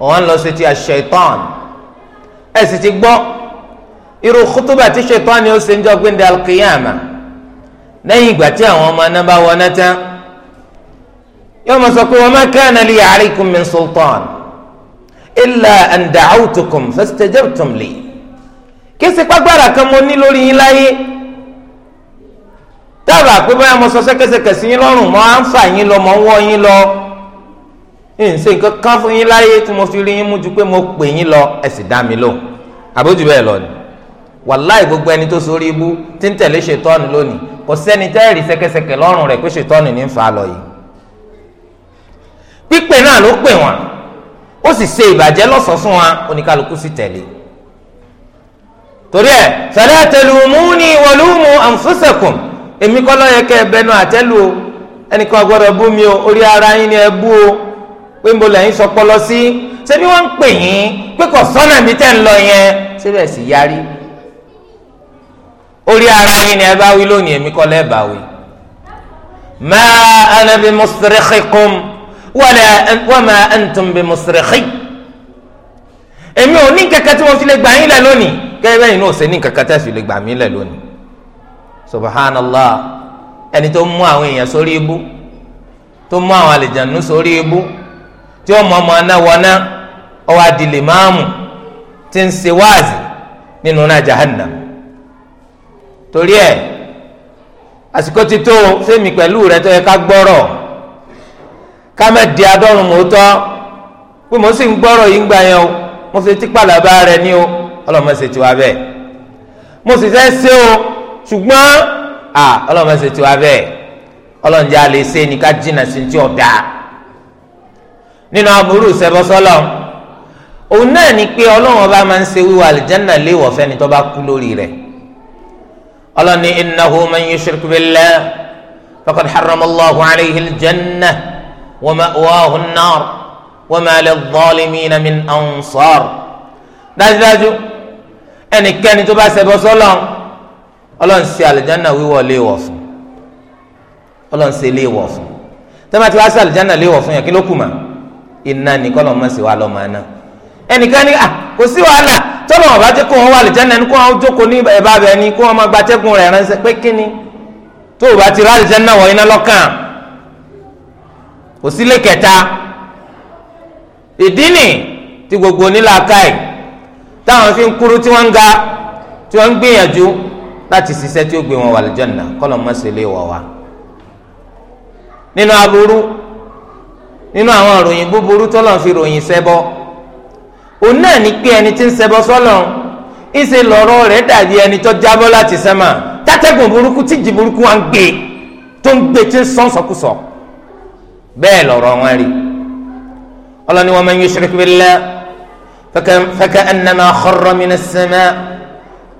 òun lọ sí ti àṣetán ẹ sì ti gbọ́ irú kútúbà tí ṣetán ni ó ṣe ń jọ gbẹndé alkiyama lẹ́yìn ìgbà tí àwọn ọmọ náà bá wọná tán yóò máa sọ pé wa ma kana li alaykum min sultan illa an da'awtukum fastajabtum kí n kan mo ní lórí yín láyé dábàá pé bóyá mo sọ sẹ́kẹsẹkẹ sí yín lọ́rùn mo á ń fà yín lọ mo ń wọ́ yín lọ nse nǹkan kan fún yín láyé tí mo fi rí yín mú ju pé mo pè yín lọ ẹ sì dá mi lò àbójú bẹ́ẹ̀ lọ ni wàláì gbogbo ẹni tó sórí ibú tí ń tẹ̀lé ṣètọ́nù lónìí kò sẹ́ni tẹ́ẹ̀rí sẹ́kẹ́sẹ́kẹ́ lọ́rùn rẹ̀ pé ṣètọ́nù ní ń fa lọ yìí pípè náà ló pè wọ́n ó sì ṣe ìbàjẹ́ lọ́sọ̀ọ́ fún wa oníkálukú sì tẹ̀lé torí ẹ fala talumuni walumu anfusakum èmi kọ́ lọ́yẹ kẹ́ ẹ bẹnu àtẹ́lù o ẹnìkan gbọ́dọ̀ bú mi o orí ara yín ni ẹ bú o pé mo lẹ́yìn sọpọlọ sí ṣé bí wọ́n ń pè yín pé kò sọ́nà mi tẹ́ ń lọ yẹn síbẹ̀ sì yarí orí ara yín ni ẹ bá wí lónìí èmi kọ́ lẹ́ẹ̀ bá wí. ma ana bi musrikhikum wa ma antum bi musrikhi èmi ò ní kankan tí mo fi lè gbà yín lẹ̀ lónìí kẹ́ ẹ bẹ́yìn ò sẹ́ ní kankan tí mo fi lè gbà mí lẹ̀ lónìí subhanallah ẹni tó mú àwọn èèyàn sórí ibú tó mú àwọn àlejànú sórí ibú tí ó mọ ọmọ anáwọná ọwọ adìlẹ máàmù tí ń ṣe wáàzì nínú náà jahannam torí ẹ àsìkò ti tó sẹmi pẹ̀lú rẹ tó yẹ ká gbọ́rọ̀ ká má di adọrùn òótọ́ pé mo sì ń gbọ́rọ̀ yìí ń gbà yẹn o mo fi tipa làbá rẹ ní o ọlọmọ ṣètò abẹ mo sì fẹ́ ṣe o ṣùgbọ́n à ọlọ́run ẹsẹ̀ tiwa bẹ́ẹ̀ ọlọ́run jẹ́ alẹ́ ṣe ni ká jìnnà sí ti ọ̀dà nínú aburú sẹ́bọ́sọ́lọ́ òun náà ni pé ọlọ́run ọba máa ń ṣe wíwọ àlìjánà léèwọ̀ fẹ́ni tó bá kú lórí rẹ̀ ọlọ́run ní innahu man yushrik billah faqad harrama Allahu alayhi al-jannah wa ma'wahu an-nar wa ma lil-zalimina min ansar ọlọ́run ṣe àlìjánà wíwọ̀ léèwọ̀ fún ọlọ́run ṣe léèwọ̀ fún tẹ́lẹ̀ tí wàá ṣe àlìjánà léèwọ̀ fún yẹn kí ló kù mà iná ni kọ́ lọ́mọ sí wa lọ́mọ iná ẹnìkan ni kò sí wàhálà tọ́lọ̀ ọ̀bá jẹ́ kó wọn wà àlìjánà ni kó wọn jókòó ní ẹ̀bá bẹ̀ ni kó wọn máa gba tẹ́kùn rẹ̀ ránṣẹ́ pé kíni tó o bá ti rá àlìjánà wọ̀ iná lọ́kàn kò sílé kẹta ìdí nì tí gbogbo onílàákàyè táwọn fi ń kúrú tí wọ́n ń ga tí wọ́n ń gbìyànjú láti ṣiṣẹ́ tí ó gbé wọn wà lẹ́jọ́nà kọ́lọ̀ mọ́sẹ̀lẹ̀ wọ̀ wá. nínú aburú nínú àwọn ìròyìn búburú tọ́lọ̀ fi ròyìn ṣẹbọ òun náà ní pé ẹni tí ń ṣẹbọ sọ́lọ̀ ìṣe lọ́rọ̀ rẹ̀ dàbí ẹni tó jábọ́ láti sẹ́mà tátẹ́gùn burúkú tíjì burúkú wa ń gbé tó ń gbé tí ń sọ́n sọkúsọ bẹ́ẹ̀ lọ́rọ̀ wọn rí ọlọ́ni wa man yushrik billah faka annama kharra minas samaa.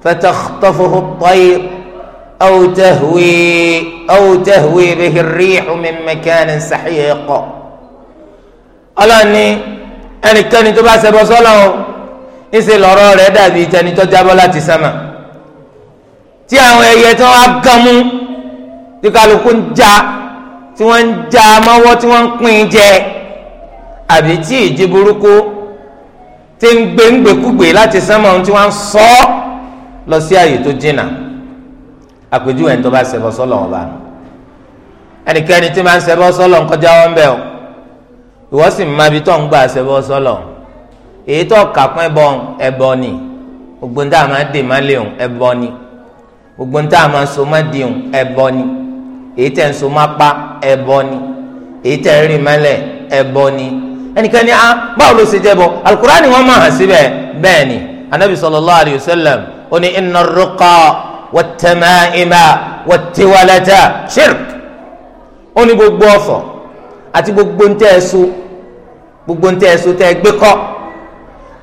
فتخطفه الطير أو تهوي أو تهوي به الريح من مكان سحيق ألاني أنا كان تبع سبصله إسي لورا ردا بي تاني تجاب لا تسمع tí àwọn ẹyẹ tí wọn á kàn mú tí kálukú ń já tí wọn ń já mọ́wọ́ tí wọn ń pín jẹ àbí tí ìjì burúkú ti ń gbé ń gbèkúgbè láti sánmọ̀ ohun tí wọn ń sọ ọ lọ sí ààyè tó jìnnà àpèjúwe ẹni tó bá ṣẹbọ sọlọ wọn bá ẹnikẹ́ni tí máa ń ṣẹbọ sọlọ ńkọjá wọn bẹ́ẹ̀ o ìwọ sì máa ibi tó ń gbà ṣẹbọ sọlọ èyí tó kà ẹbọ ẹbọ ni gbogbo ní tá a máa dè má léun ẹbọ ni gbogbo ní tá a máa so má diun ẹbọ ni èyí tẹ̀ ń so má pa ẹbọ ni èyí tẹ̀ ń rìn mẹ́lẹ̀ ẹbọ ni ẹnikẹ́ni a ah, báwo ló ṣe jẹ́ bọ Al-Qur'ani ni wọ́n máa hàn síbẹ̀ bẹ́ẹ̀ ni anabi sallallahu alayhi wa sallam ó ní inna ar-ruqa wat-tama'ima wat-tiwalata shirk ó ní gbogbo ọ̀fọ̀ àti gbogbo ń tẹ́ ẹ so gbogbo ń tẹ́ ẹ so tẹ́ ẹ gbé kọ́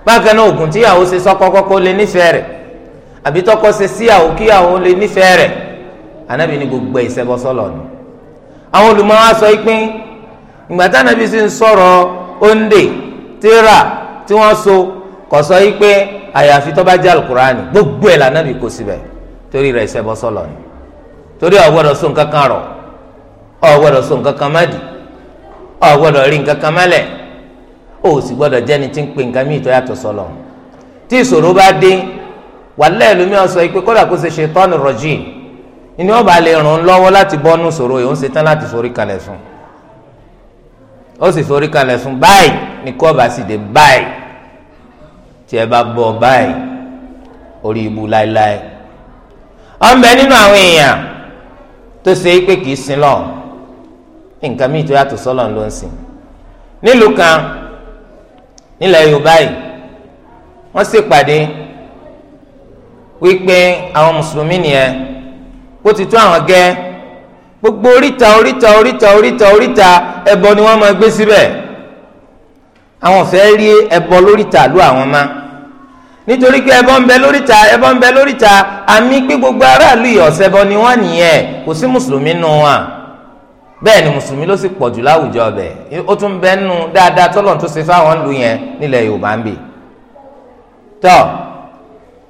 bákan náà oògùn tíyàwó ṣe sọ́kọ́ kọ́kọ́ lé nífẹ̀ẹ́ rẹ̀ àbí tọkọ ṣe síyàwó kíyàwó lé nífẹ̀ẹ́ rẹ̀ anábì ní gbogbo ìṣẹ́bọ ni àwọn olùmọ̀ wa sọ pé ìgbà tánábì sì ń sọ̀rọ̀ òǹdè tíra tí wọ́n so kò sọ yìí pé àyàfi tó bá jẹ́ alukurani gbogbo ẹ̀ lànà bí kò síbẹ̀ torí rẹ̀ ìṣẹbọ sọlọ ni torí ọ gbọ́dọ̀ so rọ ọ gbọ́dọ̀ so má dì ọ rí nǹkan kan mẹlẹ o sì gbọ́dọ̀ jẹni tí ń pe nǹkan míì tó yàtọ̀ sọlọ tí ìṣòro bá dé wàlẹ́ ìlúmi ọ̀sọ̀ yìí pé kódà kó ṣe ṣètánì rọ̀jì ni wọ́n bá lè ràn án lọ́wọ́ láti bọ́nú ṣòro yìí ó ń ṣetán láti forí kalẹ̀ sùn ó sì forí kalẹ̀ sùn báyìí ni kọ́ọ̀bà sì dé báyìí tí ẹ bá bọ báyìí orí ibu láéláé ọmọbẹ nínú àwọn èèyàn tó ṣe é pé kìí sin lọ nǹkan míì tó yàtọ̀ sọ́lọ̀ ló ń nílùú kan nílẹ̀ Yorùbá yìí wọ́n ṣèpàdé wípé àwọn mùsùlùmí nìyẹn ó ti àwọn gẹ́ gbogbo oríta oríta oríta oríta oríta ni wọ́n máa gbé àwọn fẹ́ rí ẹbọ lóríta lú àwọn má nítorí pé ẹbọ ń bẹ lóríta ẹbọ ń bẹ lóríta àmì pé gbogbo aráàlú ìyọ̀sẹ̀bọ ni wọ́n nìyẹn kò sí mùsùlùmí nù wọn bẹ́ẹ̀ ni mùsùlùmí ló sì pọ̀jù láwùjọ bẹ̀ ó tún bẹ́ nù dáadáa tọ́lọ̀ tó ṣe fáwọn ìlú yẹn nílẹ̀ Yorùbá ń bì tọ́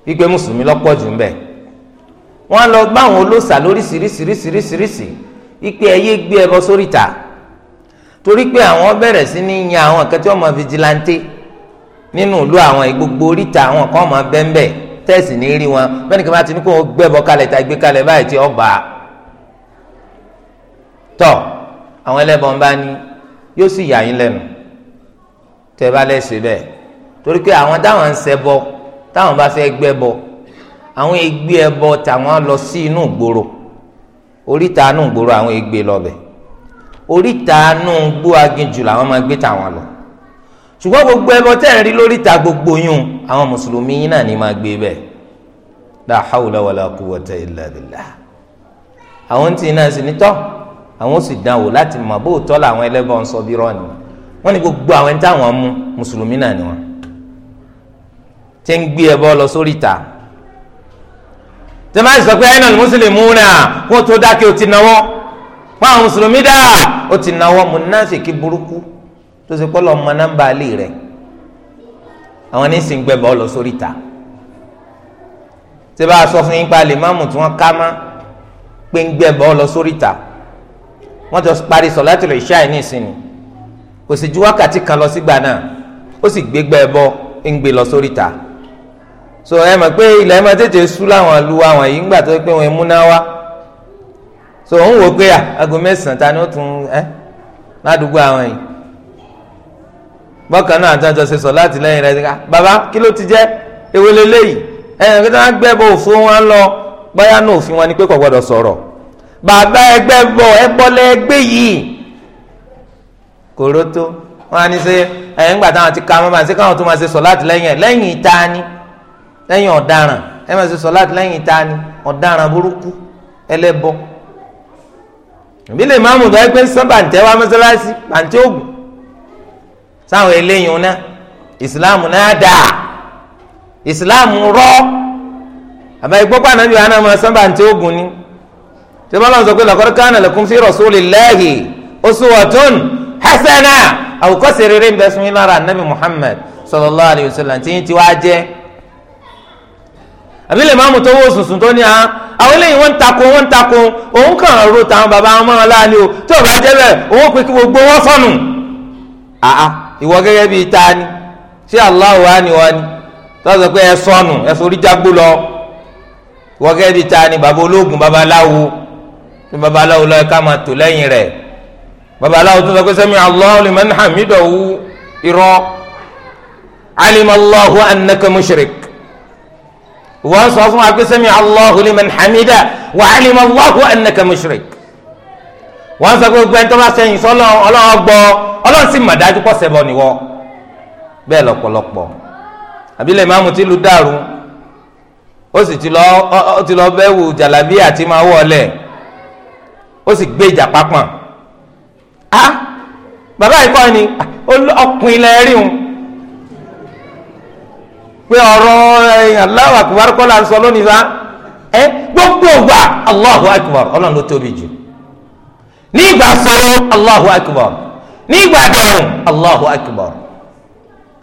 wípé mùsùlùmí lọ́pọ̀jù ń bẹ̀ wọ́n lọ bá àwọn olóòṣà lóríṣiríṣiríṣiríṣiríṣi wípé ẹ yé gbé ẹbọ sóríta torí pé àwọn bẹ̀rẹ̀ sí ní yan àwọn kan tí wọ́n máa vigilante nínú ìlú àwọn gbogbo oríta àwọn kan máa bẹ́ńbẹ́ tẹ̀sí ní rí wọn bẹ́ẹ̀ ni kí n bá ti ní kó gbẹ́bọ kalẹ̀ tá gbé kalẹ̀ báyìí tí ọba tọ̀ àwọn ẹlẹ́bọn bá ní yóò sì yà yín lẹ́nu tẹ́ bá lẹ́sẹ̀ bẹ́ẹ̀ torí pé àwọn táwọn ń ṣẹbọ táwọn bá fẹ́ gbẹ́bọ àwọn ẹgbẹ́ ẹbọ táwọn lọ sí inú ìgboro oríta inú ìgboro àwọn ẹgbẹ́ lọ bẹ́ẹ̀ oríta nù gbó aginjù làwọn máa gbé tàwọn lọ ṣùgbọ́n gbogbo ẹbọ tẹ́ ń rí lóríta gbogbo yún àwọn mùsùlùmí yín náà ní máa gbé bẹ́ẹ̀ la hawla wala quwwata illa billah àwọn tí iná sì nítọ́ àwọn sì dánwò láti mọ̀ bó tọ́ làwọn ẹlẹ́bọ sọ bí rọ́ọ̀nì wọ́n ní gbogbo àwọn ẹni táwọn mú mùsùlùmí náà ni wọ́n ti ń gbé ẹbọ lọ sóríta tẹ́ máa sọ pé ẹ̀yin náà ni mùsùlùmí náà wọ́n tó dákẹ́ ò ti náwó wọn àwọn mùsùlùmí dà ó ti náwó múnáfìkì burúkú tó ṣe pọ́lọ́ ọmọ nọ́mbà àlè rẹ̀ àwọn ní sìn gbẹ bọ́ọ̀lù sórí ta ṣé bá a sọ fún yín pa lè máàmù tí wọ́n ká má pé ń gbẹ bọ́ọ̀lù sórí ta wọ́n ti parí sọ̀láàtì lè ṣáà ní ìsinmi kò sì ju wákàtí kan lọ sígbà náà ó sì gbé gbẹ ń gbé lọ sórí ta so ẹ mọ̀ pé ilẹ̀ ẹ mọ̀ tètè sú láwọn lu àwọn yìí ńgbà tó pé wọ́n múná wá so òun wò pé aago mẹ́sàn-án ta ni ó tún ládùúgbò àwọn yìí bọ́kàn náà àtúntò ṣe sọ láti lẹ́yìn rẹ̀ ká bàbá kí ló ti jẹ́ ewu leléyìí ẹ̀yìn kí wọ́n gbẹ́ bọ́ òfin wọn lọ báyà náà òfin wọn ni pé kò gbọ́dọ̀ sọ̀rọ̀ bàbá ẹgbẹ́ bọ̀ ẹgbẹ́ yìí kòró tó wọn á ní ṣe ẹ̀yìn sọ láti lẹ́yìn lẹ́yìn ìta ni àbí lè máàmù tó ẹgbẹ́ ń sán bàǹtẹ́ wá mọ́sálásí bàǹtẹ́ ògùn sáwọn eléyìí náà ìsìláàmù náà dáa ìsìláàmù rọ àbá ìgbópa náà bí wọn náà máa sán bàǹtẹ́ ògùn ni tí wọn lọ sọ pé laqad kana lakum fi rasulillahi uswatun hasana àwòkọ́sẹ̀ rere ń bẹ fún yín anabi muhammad sallallahu alayhi wa sallam tí yín ti wá jẹ́ àbílẹ̀ máàmù tó wò sùnsùn tó ní à àwọn eléyìí wọ́n ń takun wọ́n ń takun òun kàn ro tàwọn bàbá wọn máa láàánú o tí òbá jẹ́ bẹ́ẹ̀ òun pé kí gbogbo wọn sọnù. àà ìwọ gẹ́gẹ́ bíi ta ni ṣé Allah wa ni wa ni tọ́sọ̀ pé ẹ sọnù ẹ forí jágbó lọ ìwọ gẹ́gẹ́ bíi ta ni bàbá ológun babaláwo ní babaláwo lọ́ọ́ ká máa tò lẹ́yìn rẹ̀ babaláwo tó sọ pé sami Allahu liman hamidahu wọ́n sọ fún wa pé sami Allahu liman hamida wa alima Allahu annaka mushrik wọ́n sọ pé gbogbo ẹni tó bá sẹ́yìn sọ ọlọ́run gbọ́ ọlọ́run sì mọ̀ dájú pọ̀ sẹ́bọ̀ níwọ́ bẹ́ẹ̀ lọ́pọ̀lọpọ̀ àbílẹ̀ máàmù ti lu dàrú ó sì ti lọ ó ti lọ bẹ́ẹ̀ wù jàlábí àti máa wọlé ó sì gbé ìjà pápọ̀n ah bàbá ìkọ́ni ọkùnrin lẹ́ẹ̀rí òun. pé ọ̀rọ̀ eh, Allahu Akbar kọ́ la ń sọ lónìí ẹ gbogbo ìgbà Allahu Akbar ọlọ́run ló tóbi jù ní ìgbà sọ̀rọ̀ Allahu ní ìgbà dẹ̀rùn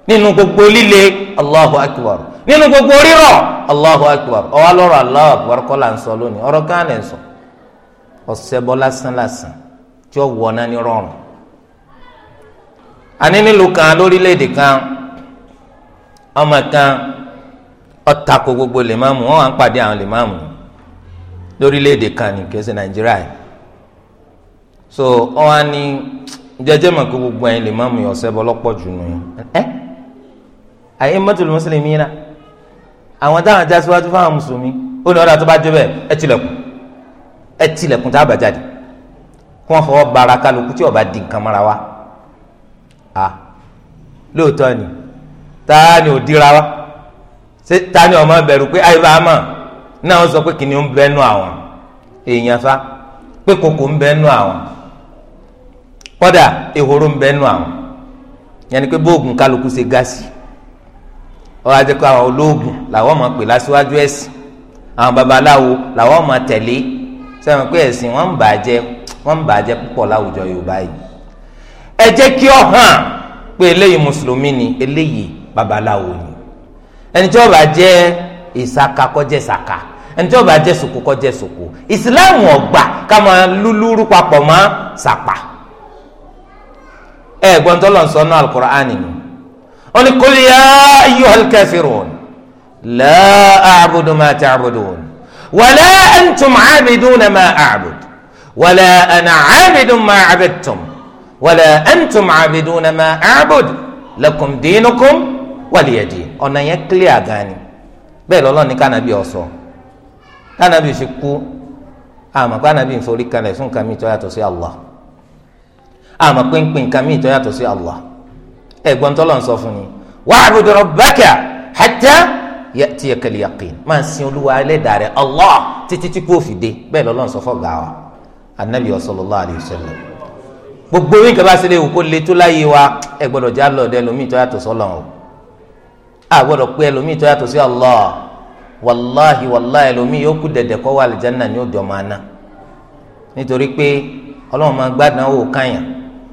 nínú gbogbo líle Allahu Akbar nínú gbogbo rírọ̀ Allahu Akbar ọwọ́ lọ́rọ̀ Allahu Akbar kọ́ la ń sọ lónìí ọ̀rọ̀ ọmọ kan ọ̀tako gbogbo lèmáàmù wọn wà ń pàdé àwọn lèmáàmù lórílẹ̀‐èdè kan ní kẹsì nàìjíríà yìí so wọn á ní jẹjẹ mọ̀ pé gbogbo ẹ̀yin lèmáàmù yìí ọ̀sẹ̀ bọ́ lọ́pọ̀ jù nù yín ẹ́ àyè mọ́tò lè mùsùlùmí náà àwọn táwọn ajá síwájú fáwọn mùsùlùmí ó ní ọ̀dà tó bá jẹ́ ẹ tilẹ̀kùn ẹ tilẹ̀kùn tá a bà jáde kí wọ́n fọwọ́ bara kálukú tí ọba di nǹkan mọ́ra wa ah lóòótọ́ ni ta ni ò dira wa ta ni ọmọ bẹ̀rù pé bá a náà wọ́n sọ pé kìnìún ń bẹ àwọn èèyàn fa pé kòkò ń bẹ àwọn kọ́dà ehoro ń bẹ àwọn yẹnni pé bóògùn kálukú ṣe gáàsì ọ̀rọ̀ ajẹ́ kó àwọn olóògùn làwọn máa pè láṣíwájú ẹ̀sìn àwọn babaláwo làwọn máa tẹ̀lé sẹ́wọ̀n pé ẹ̀sìn wọ́n ń bàjẹ́ wọ́n ń bàjẹ́ láwùjọ Yorùbá yìí ẹ kí ọ hàn pé eléyìí mùsùlùmí ni babaláwo ni ẹni tí ó bá jẹ́ ìsaka kó jẹ́ saka ẹni tí ó bá jẹ́ sòkò kó jẹ́ sòkò ìsìláàmù ọ̀gbà ká máa lúlúrú papọ̀ mọ́ sàpà ẹ gbọ́n tó lọ sọ náà alukur'ani ni ó ní qul ya ayyuhal kafirun la a'budu ma ta'budun wala antum 'abiduna ma a'budu wala ana 'abidun ma 'abadtum wala antum 'abiduna ma a'budu lakum dinukum wàlíyàdì ọ̀nà yẹn clear gan ni bẹ́ẹ̀ lọ́lọ́ ní kánábì ọ̀sọ́ kánábì ṣe kú àmọ́ kánábì ń forí kalẹ̀ fún nǹkan mi tó yàtọ̀ sí Allah àmọ́ pínpín nǹkan mi tó yàtọ̀ sí Allah ẹ̀gbọ́n tọ́lọ̀ ń sọ fún ni wa'budu rabbaka hatta ya'tiyakal yaqin máa sin olúwa ẹlẹ́dàá rẹ̀ Allah títí tí kò fi bẹ́ẹ̀ lọ́lọ́ ń sọ fọ́ gàá wa anabi sallallahu alayhi wa sallam àgbọ̀dọ̀ pé ẹlòmíì tó yàtọ̀ sí Allah wàláhi wàláhi ẹlòmíì yóò kú dẹ̀dẹ̀ kọ́ wà àlìjáná ní òjò máa ná nítorí pé ọlọ́run máa gbádùn àwọn òkàyàn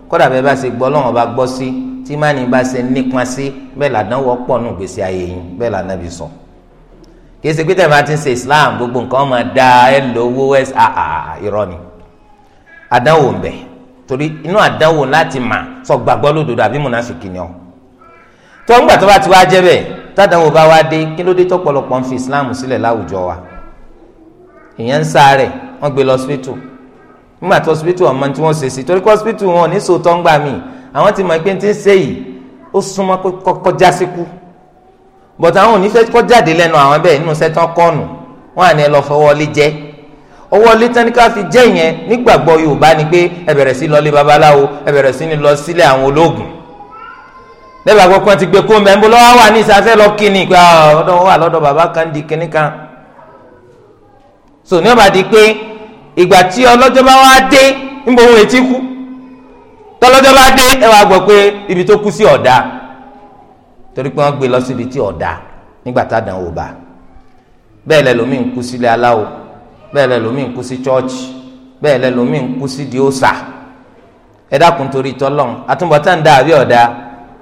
kọ́dà bẹ́ẹ̀ bá ṣe gbọ́ ọlọ́run bá gbọ́ sí tí mání bá ṣe nípa sí bẹ́ẹ̀ làdánwò pọ̀ nù gbèsè ayé yín bẹ́ẹ̀ lànàbì sọ kìí ṣe pé tẹ̀ bá ti ń ṣe Islam gbogbo nǹkan máa da ẹ lówó ẹ àà irọ́ ni àdánwò ń bẹ torí inú àdánwò láti mà sọ gbàgbọ́ lódodo àbí múnásìkì ni ọ́ tó ń gbà tó bá ti wá jẹ́ bẹ́ẹ̀ tádàwọ̀ bá wá dé kí ló dé tọ́pọ̀lọpọ̀ ń fi islam sílẹ̀ láwùjọ wa èèyàn ń sáré wọ́n gbé lọ hospital nígbà tó hospital ọmọ tí wọ́n ṣe sí torí kó hospital wọn ní sòótọ́ ń gbà mí àwọn ti mọ̀ pé ti ń ṣe yìí ó súnmọ́ kọjá síkú but àwọn ò fẹ́ kó jáde lẹ́nu àwọn bẹ́ẹ̀ nínú sẹ́tàn kọ́ọ̀nù wọn à ní ẹ lọ fọwọ́ lé jẹ́ owó létánikà fi jẹ́ yẹn nígbàgbọ́ Yorùbá ni pé ẹ bẹ̀rẹ̀ sí lọ lé babaláwo ẹ bẹ̀rẹ̀ sí ni lọ sílé àwọn olóògùn lẹ́bàá gbọ́kàn ti gbé kó ń bọ́ lọ́wọ́ wà ní ìsàfẹ́ lọ kíni pé ọ̀dọ̀ wà lọ́dọ̀ bàbá kan di kíní kan so ní ọba di pé ìgbà tí ọlọ́jọ́ bá wá dé ń bọ̀ ohun kú tọ́lọ́jọ́ bá dé ẹ ibi tó kú sí ọ̀dà gbé lọ tí ọ̀dà nígbà tá a dàn wò bá bẹ́ẹ̀ lẹ́ lómi ń kú sílé aláwo bẹ́ẹ̀ lẹ́ lómi ń kú sí chọ́ọ̀chì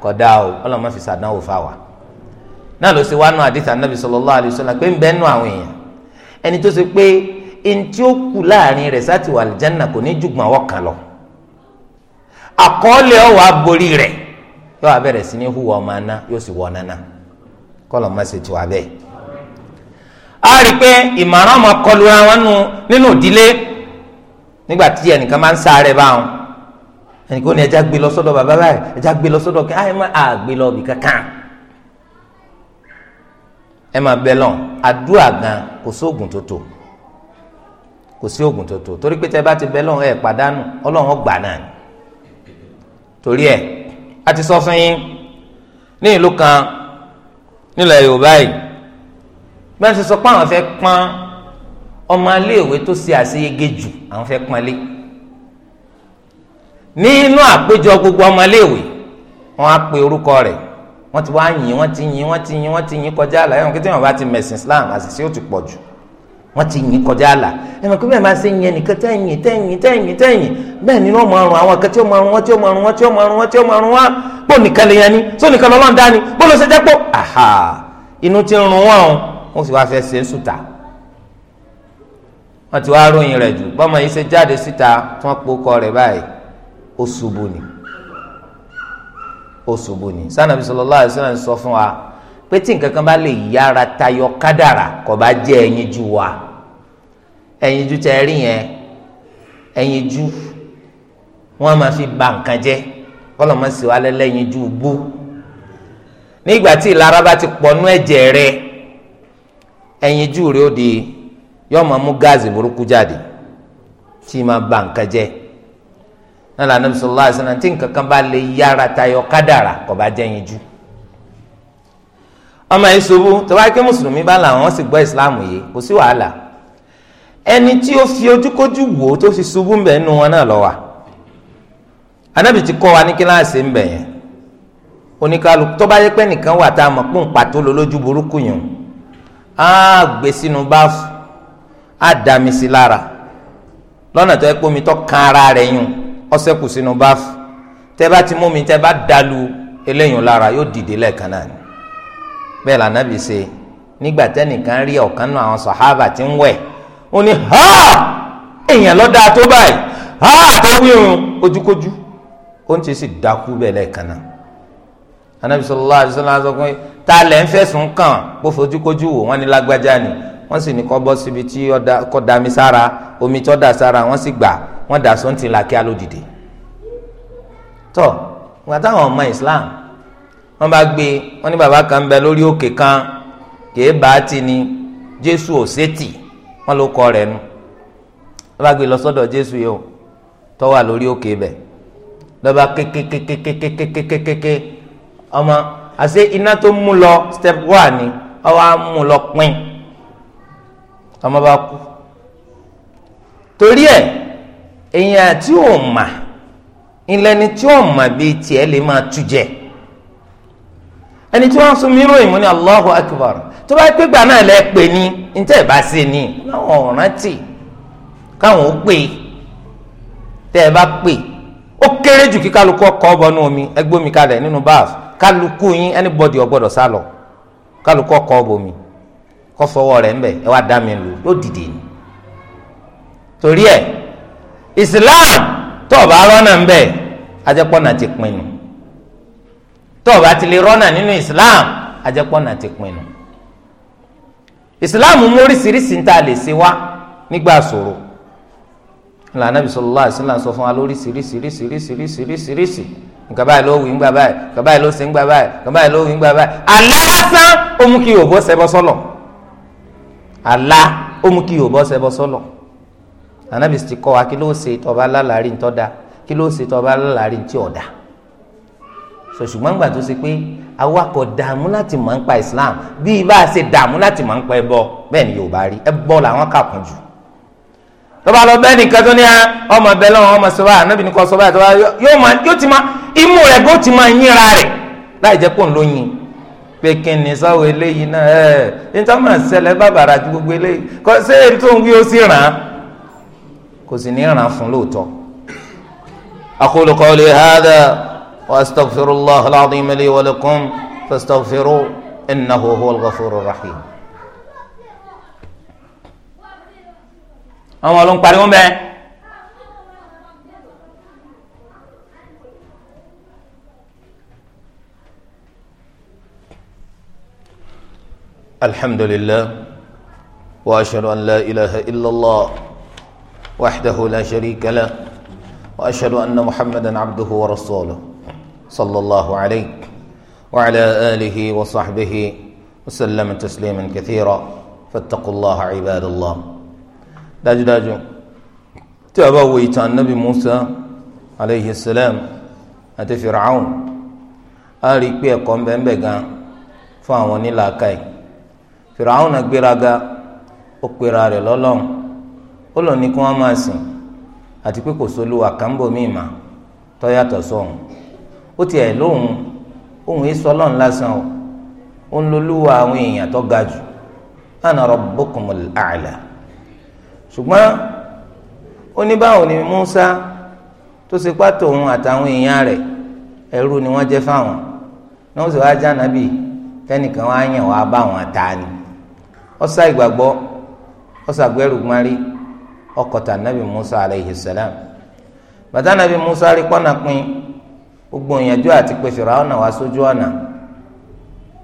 kódà o ọlọ́run má fi sàdánwò fà wá náà ló ṣe wá nù àdìsá nàbì sallallahu alaihi wasallam pé ń bẹ nù àwọn èèyàn ẹni tó ṣe pé ẹni tí ó kù láàrin rẹ̀ sáti wà àlìjánà kò ní jùgbọ́n ọwọ́ kan lọ àkọọ́lẹ̀ ọwọ́ aborí rẹ̀ yóò wá bẹ̀rẹ̀ sí ní hùwà ọmọ aná yóò sì wọ nana kọlọ̀ má ṣe tù wá bẹ́ẹ̀. a rí i pé ìmọ̀ràn ọmọ kọlu ra wọn nínú ìdílé nígbà tí ẹnìkan máa ń sáré báwọn ẹnì kò ní ẹja gbé lọ sọ́dọ̀ bàbá báyìí ẹja gbé lọ sọ́dọ̀ kẹ́ ẹ má a gbé lọ bì kankan ẹ má bẹ lọ àdúrà gan kò sí oògùn tó tó kò sí oògùn tó tó torí pé tẹ bá ti bẹ lọ ẹ pàdánù Ọlọ́run ọgbà náà ni torí ẹ a ti sọ fún yín ní ìlú kan nílẹ̀ Yorùbá yìí bí ti sọ pé àwọn fẹ́ pọ́n ọmọ aléèwé tó ṣe àṣeyege jù àwọn fẹ́ pọ́n lé nínú àpéjọ gbogbo ọmọléèwé wọn á pe orúkọ rẹ̀ wọn ti wá yìn wọn ti yìn wọn ti yìn wọn ti yìn kọjá àlà ẹwọn tí wọn bá ti mẹsìn Islam àṣìṣe ó ti pọ̀ jù wọn ti yìn kọjá àlà ẹwọn kí bẹ́ẹ̀ máa ṣe yìn ẹnìkan tẹ̀yìn tẹ̀yìn tẹ̀yìn tẹ̀yìn bẹ́ẹ̀ nínú ọmọ ọrùn àwọn kan tí ó mọ ọrùn wọn tí ó mọ ọrùn wọn tí ó ọrùn wọn tí ó ọrùn wọn bó nìkan lè yan ni tó nìkan lọ́lọ́ ń ni bó ló ṣe jẹ́ pọ̀ àhà inú ti rún wọn o wọn sì wá fẹ́ ṣe é sùtà wọn ti wá ròyìn rẹ̀ jù bọ́mọ yìí ṣe jáde síta tí wọ́n pokọ rẹ̀ báyìí ó ṣubú ni ó ṣubú ni sanabi sallallahu alaihi wasallam sọ fún wa pé tí nǹkan kan bá lè yára tayọ kádàrà kò bá jẹ́ ẹyinjú wa ẹyinjú tẹ rí yẹn ẹyinjú wọn máa fi ba nǹkan jẹ́ kọlọmọ sì wà lẹlẹyinjú bú nígbà tí ìlara bá ti pọnú ẹ̀jẹ̀ rẹ ẹyinjú rẹ ó di yọọ máa mú gáàsì burúkú jáde tí máa ba nǹkan jẹ́ náà lànà bisalòlá àṣìlá tí nǹkan kan bá lè yára tayọ kádàrà kò bá jẹyìn jù ọmọ yìí ṣubú tó bá ké mùsùlùmí bá làwọn sì gbọ́ ìsìláàmù yìí kò sí wàhálà ẹni tí ó fi ojúkójú wò ó tó fi ṣubú ń bẹ nínú wọn náà lọ wà anábì ti kọ́ wa ní kíláàsì ń yẹn oníkálukú tó bá nìkan wà tá a mọ̀ pé ń pàtó burúkú yẹn á gbé sínú báfù á dàmí lára lọ́nà tó yẹ pé omi tó kan ara rẹ̀ yún ọsẹ kù sínú báfù tẹ bá ti mú mi tẹ bá dalu eléyìn lára yóò dìde lẹ́ẹ̀kan náà ni bẹ́ẹ̀ lànàbì ṣe nígbà tẹ́nìkan rí ọ̀kan náà àwọn sàhábà ti ń wẹ̀ ó ní ha èèyàn lọ́dà tó báyìí ha tó wíhun ojúkójú ó ń ti sì dákú bẹ́ẹ̀ lẹ́ẹ̀kan náà anabi sallallahu alaihi wasallam sọ pé ta lẹ ń fẹ̀sùn kàn bó fojúkójú wò wọn ní lágbájá ni wọn sì ní kọ bọ síbi tí kọ dami sára omi tí wọn dà sára wọn sì gbà wọ́n dà sóńtì ńlá kí á ló dìde tọ́ ìgbà táwọn ọmọ Islam wọ́n bá gbé wọ́n ní bàbá kan bẹ lórí òkè kan kìí bàátì ni Jésù òsétì wọ́n ló kọ rẹ̀ nu wọ́n bá gbé lọ sọ́dọ̀ Jésù yìí o tọ́ wà lórí òkè bẹ̀ lọ́ba kékékékékékékékékéké ọmọ àṣé iná tó mú lọ step one ni ọwọ́ á mú lọ pín ọmọ bá kú torí ẹ̀. èèyàn tí ò mà tí ò bíi tiẹ̀ lè máa jẹ ẹni tí wọ́n sún mí ìmú ni Allahu Akbar tó bá pé gbà náà lẹ pè ní níta ìbá ṣe ni láwọn ọ̀ràn tì káwọn ó pè tẹ́ ẹ bá pè ó kéré jù kí kálukú ọbọnú omi ẹgbómi nínú kálukú yín kálukú mi lò islam tó o mbẹ rọ́nà ti pinnu tó ti lè islam ajẹ́pọ̀nà ti pinnu islam mú oríṣiríṣi ń ta lè ṣe wá nígbà ṣòro ńlá anábì sallallahu sọ fún wa lóríṣiríṣiríṣiríṣiríṣiríṣi nǹkan báyìí ló wí ńgbà báyìí nǹkan báyìí ló ṣe ńgbà báyìí nǹkan báyìí ló wí ńgbà báyìí àlá lásán ó mú kí àlá ó mú kí anabi ti kọ wa kí ló ṣe tọba lálàárí ntọ́ da kí ló ṣe tọba lálàárí ntí ọ̀dà sòṣùgbọ́n gbà tó ṣe pé awakọ̀ dààmú láti mọ̀ ń pa islam bíi bá a ṣe dààmú láti mọ̀ ń pa ẹbọ bẹ́ẹ̀ ni yorùbá rí ẹbọ làwọn kà jù ọmọ belọn ọmọ sọba anabi ni kò sọ́ba yóò máa yóò ti máa imú ti máa láì jẹ́ kó ń lóyin pé ni sáwọ eléyìí náà máa bàbàrà ju gbogbo eléyìí kò sì ní ràn án fún lóòótọ́. aqulu qawli hadha wa astaghfirullah al-azim li wa lakum fastaghfiru innahu huwal ghafurur rahim. àwọn ló ń pariwo mẹ́ẹ́. الحمد لله واشهد ان لا اله الا الله وحده لا شريك له واشهد ان محمدا عبده ورسوله صلى الله عليه وعلى اله وصحبه وسلم تسليما كثيرا فاتقوا الله عباد الله داج داج تابويت النبي موسى عليه السلام أتى فرعون a rí i pé ẹkọ ń bẹ ń bẹ gan fún àwọn onílàákàyè firaun ó lọ ní kí ati máa sìn àti pé kò sólúwa kàńbò míì mà tọ́yàtọ̀ sóhun ó tiẹ̀ lóhun òun yìí lásán o ó ń lolúwa àwọn èèyàn tó ga jù ó ni Musa tó ṣe pàtó òun àtàwọn èèyàn rẹ ẹrú ni wọ́n jẹ́ fáwọn náà ó sì wá já tẹnìkan wá yàn wá ọkọta nabi musa aleyhi salam bàtà nabi musa rí kọ́nà pín gbogbo ìyànjú àti pé fìràwọ́nà wá sójú ọ̀nà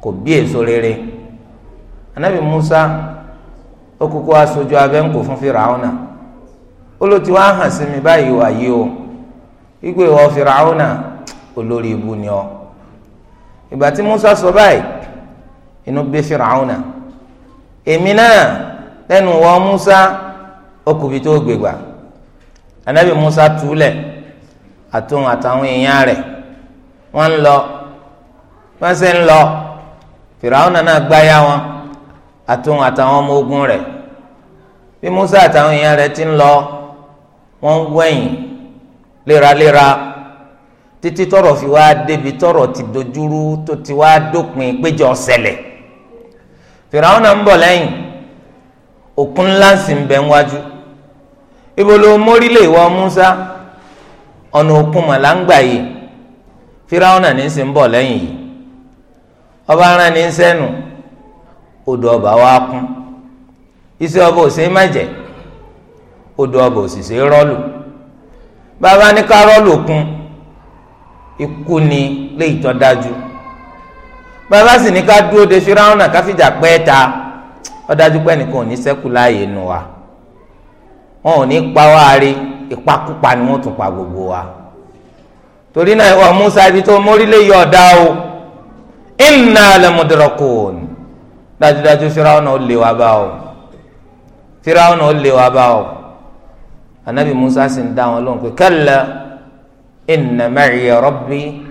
kò bí èso rere anabi musa ó kúkú wá sójú abẹ́ ń kó fún fìràwọ́nà ó ló ti wá hàn sí mi báyìí yìí o wípé ìwọ fìràwọ́nà olórí ibu ni ọ ìgbà tí musa sọ báyìí inú bí fìràwọ́nà èmi náà lẹ́nu wọ musa. okùnbi tó gbégbà anabi musa túlẹ̀ àtúnwò àtàwọn èèyàn rẹ̀ wọ́n ń lọ wọ́n sì ń lọ fìràwọn náà gbáyà wọn àtúnwò àtàwọn ọmọ ogun rẹ̀ bí musa àtàwọn èèyàn rẹ̀ ti ń lọ wọ́n ń wẹ̀yìn léraléra títí tọ́rọ̀ fi wá débi tọ́rọ̀ ti dojúrú tó ti wá dópin péjọ ṣẹlẹ̀ fìràwọn náà ń bọ̀ lẹ́yìn òkun ńlá sì ń bẹ wájú. Ibolo ló mórí lè wọ Musa ọ̀nà òkun màlá ń gbà yìí firawuna ní sì bọ̀ lẹ́yìn yìí ọba ara ní ọba wa kún iṣẹ́ ọba odò ọba òsìsẹ́ rọ́ọ̀lù bàbá ní ká rọ́ọ̀lù kún ikú ni léyìí tó dájú bàbá sì ní ká dúró de firawuna káfíjà ò ní wọn ò ní pa wá rí ìpakúpa ni wọ́n tún pa gbogbo wa torí náà ìwà Musa ibi tó mórílẹ̀ yọ̀ ọ̀dà o inna lamudrakun dájúdájú firawuna ó lé wa bá o firawuna ó lé wa bá o anabi Musa sì ń dá wọn lóhùn pé kalla inna ma'iya rabbi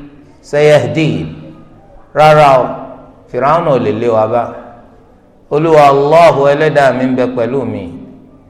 sayahdin rárá o firawuna ó lè lé wa bá olúwa Allahu ẹlẹ́dàá mi ń bẹ pẹ̀lú mi.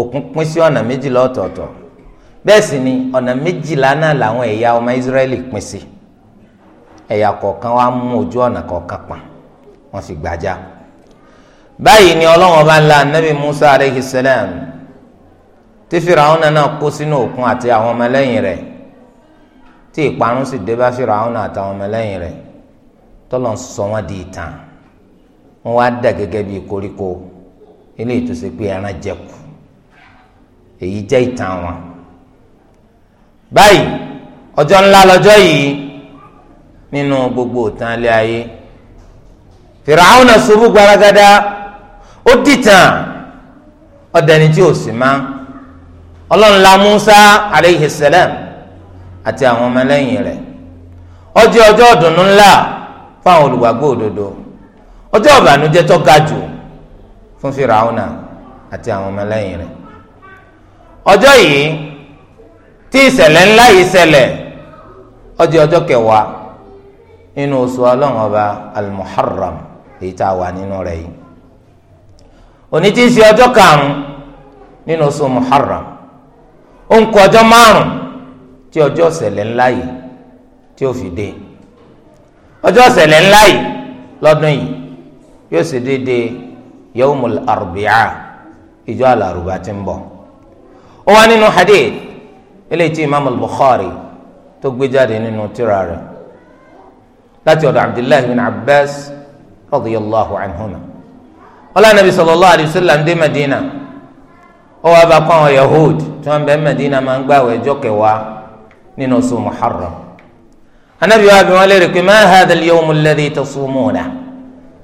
òkun pín sí ọ̀nà méjìlá ọ̀tọ̀ọ̀tọ̀ bẹ́ẹ̀ sì ni ọ̀nà méjìlá náà làwọn ẹ̀yà ọmọ Ísírẹ́lì pín sí ẹ̀yà kọ̀ọ̀kan wa mú ojú ọ̀nà kọ̀ọ̀kan pa wọ́n sì gbàjá báyìí ni Ọlọ́run ọba ńlá Nabi Musa aleyhi salam tí Firaun náà kó sínú òkun àti àwọn ọmọlẹ́yìn rẹ̀ tí ìparun sì dé bá Firaun àtàwọn ọmọlẹ́yìn rẹ̀ tọ́lọ̀ ń sọ wọ́n di ìtàn wọ́n wá dà gẹ́gẹ́ bíi koríko ilé ìtòsí pé ẹran jẹkù èyí jẹ́ ìtàn wọn. báyìí ọjọ́ ńlá lọ́jọ́ yìí nínú gbogbo ìtàn ilé ayé fìràwọn ṣubú gbaragada ó dìtàn ọ̀dẹni tí ò sì ọlọ́run la Musa aleyhi salam àti àwọn ọmọlẹ́yìn rẹ̀ ọjọ́ ọjọ́ ọ̀dùnnú ńlá fáwọn olùgbàgbọ́ òdodo ọjọ́ ọ̀bànújẹ́ tó ga jù fún àti àwọn ọjọ́ yìí tí ìṣẹ̀lẹ̀ ńlá yìí ṣẹlẹ̀ ọjọ́ ọjọ́ kẹwàá nínú oṣù ọlọ́run ọba al-muharram èyí tá a wà nínú rẹ̀ yìí òní tí ń ṣe ọjọ́ karùn-ún nínú oṣù muharram ó ń kọ ọjọ́ márùn-ún tí ọjọ́ ìṣẹ̀lẹ̀ ńlá yìí tí ó fi dé ọjọ́ ìṣẹ̀lẹ̀ ńlá yìí lọ́dún yìí yóò sì déédéé yawmul arbi'a ìjọ àlàrúbá tí ń bọ̀ ó wá nínú hadith eléyìí tí imaamu al-bukhari tó gbé jáde nínú tírà rẹ̀ láti ọ̀dọ̀ abdullahi bin abbas radiyallahu anhuma ọlá nàbí sallallahu alayhi wa sallam dé madina ó wá bá kó àwọn yahood tí wọ́n bẹ madina máa ń gbààwẹ̀ ọjọ́ kẹwàá nínú oṣù muharram anabi wa bí wọ́n lè rí pé ma hadha al-yawm alladhi tasumuna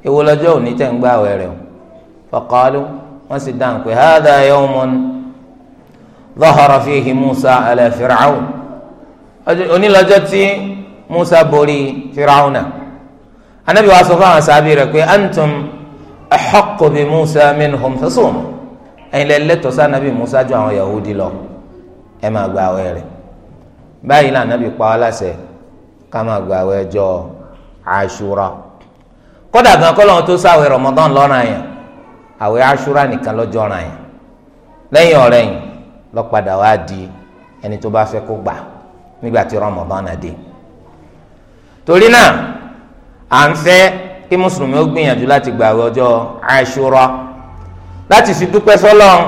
ìwọlọjọ òní tẹ̀ ń gbààwẹ̀ rẹ̀ o faqalu wọ́n sì dáhùn pé ظهر فيه موسى على فرعون onílọ́jọ́ tí musa borí firawuna anabi wa sọ fáwọn sábì rẹ̀ pé antum ahaqqu bi musa minhum fasum ẹ̀yin lẹ lẹ́tọ̀ọ́ sí anabi musa ju àwọn yahudi lọ ẹ máa gba àwẹ̀ rẹ̀ báyìí náà anabi pa wá láṣẹ ká máa gba àwẹ̀ ọjọ́ àṣúra kódà gan kọlọ́n tó sáwẹ̀ rọmọdán lọ́ràn yẹn àwẹ̀ àṣúra nìkan lọ́jọ́ ràn yẹn lẹ́yìn ọ̀rẹ́yìn lọ́padà wá di ẹni tó bá fẹ́ kó gbà nígbà tí Ramadan náà dé torí náà à ń fẹ́ kí mùsùlùmí ó gbìyànjú láti gbààwẹ̀ ọjọ́ Àṣúrà láti fi dúpẹ́ sọ́lọ́run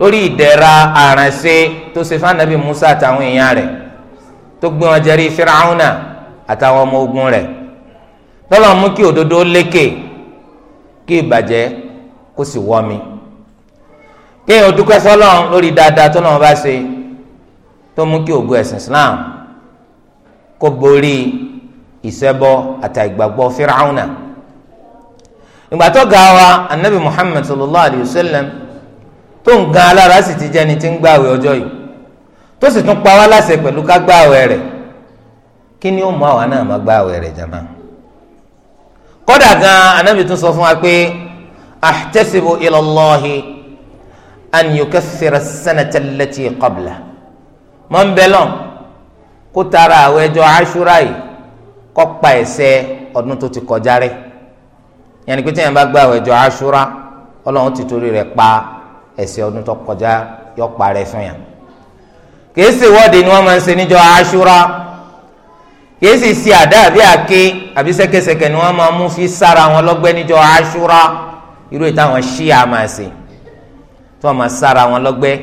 lórí ìdẹ̀ra àrànṣe tó ṣe fánàbí Musa àtàwọn èèyàn rẹ̀ tó gbé wọn jẹrí Fíráúnà àtàwọn ọmọ ogun rẹ̀ tọ́lọ́ mú kí òdodo lékè kí ìbàjẹ́ kó sì wọ́ mi kéèyàn dúpẹ́ sọ́lọ́run lórí dáadáa tó náà bá ṣe tó mú kí ògo ẹ̀sìn Islam kó borí ìṣẹ́bọ àtàìgbàgbọ́ fíráúnà ìgbà tó ga wa anabi Muhammad sallallahu alayhi wa sallam tó ń gan alára sì ti jẹ́ni tí ń gbààwẹ̀ ọjọ́ yìí tó sì tún pa wá láṣẹ pẹ̀lú ká gbààwẹ̀ rẹ̀ kí ni ó mú àwa náà má gbààwẹ̀ rẹ̀ jama kódà gan anabi tún sọ fún wa pé ahtasibu ilallahi an yukaththira as-sanata allati qabla mọ ń bẹ lọ́n kó tara àwọn ẹjọ́ aṣúra yìí kó pa ẹ̀ṣẹ̀ ọdún tó ti kọjá rẹ́ yẹn ni pé téèyàn bá gba àwọn ẹjọ́ aṣúra ọlọ́run ti torí rẹ̀ pa ẹ̀ṣẹ̀ ọdún tó kọjá yọ pa rẹ́ fún yàn kìí ṣe ni wọ́n máa ń ṣe níjọ́ aṣúra kìí sì àdá àbí àké àbí ṣẹ̀kẹ̀ṣẹ̀kẹ̀ ni wọ́n máa mú fi sára wọn lọ́gbẹ́ níjọ́ aṣúra irú ìtàwọn ṣíà máa ṣe tí wọ́n máa sára wọn lọ́gbẹ́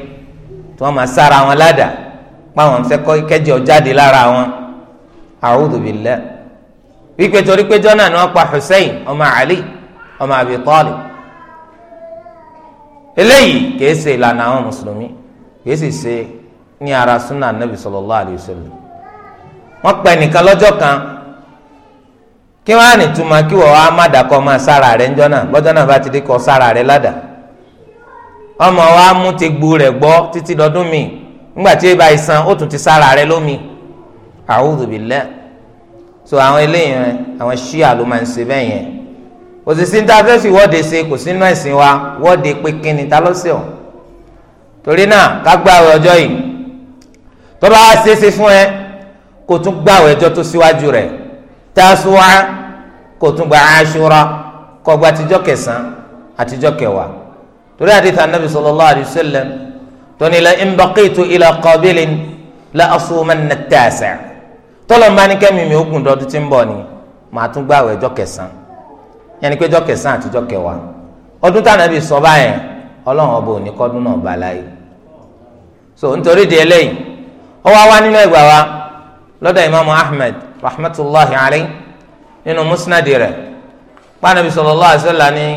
tí wọ́n máa sára wọn ládàá páwọn ń fẹ́ kọ́ kẹ́jọ jáde lára wọn a'udhu wípé torí pé jọ́nà ni wọ́n pa Hussein ọmọ Ali ọmọ Abi Talib eléyìí kìí ṣe ìlànà àwọn mùsùlùmí kìí sì ṣe ní ara sunna anabi sallallahu alayhi wa sallam wọ́n pẹ nìkan lọ́jọ́ kan kí wọ́n á nìtumọ̀ kí wọ́n á má dàkọ máa sára rẹ̀ ńjọ́ náà lọ́jọ́ náà bá ti dé kọ sára rẹ̀ ládàá ọmọ wa mú tegbú rẹ̀ gbọ́ títí dọdún mi nígbà tí ìbá ìsan ó tún ti sára rẹ̀ lómi a'udhu billah so àwọn eléyìí rẹ àwọn ṣíà ló máa ń ṣe bẹ́ẹ̀ yẹn kò sì sí ní ta fẹ́ fi wọ́de ṣe kò sínú ẹ̀sìn wa wọ́de pé kíni ta lọ́sẹ̀ ọ̀ torí náà ká gbàwé ọjọ́ yìí tó bá wá ṣeéṣe fún ẹ kó tún gbàwé ọjọ́ tó síwájú rẹ̀ Tasu'a kó tún gba Ashura kó gba àtijọ́ kẹsàn-án àtijọ́ kẹwàá torí àdìtà nàbì sallallahu alayhi wa sallam tóní la in baqitu ila qabilin la asumanna at-tasi' tọlọmọba ní kẹmí mi ogun dọdún tí ń bọ̀ ni màá tún gbààwẹ̀ ọjọ́ kẹsàn yẹn ni pé ọjọ́ kẹsàn àti ọjọ́ kẹwàá ọdún tá nàbì sọ báyẹn Ọlọ́run ọba òní kọdún náà bá láyé so nítorí di eléyìí ó wá wá nínú ẹgbàá wa lọ́dọ̀ imaamu ahmed rahmatulahi alayhi nínú musnadi rẹ̀ pàànàbì sallallahu alayhi wa sallam ní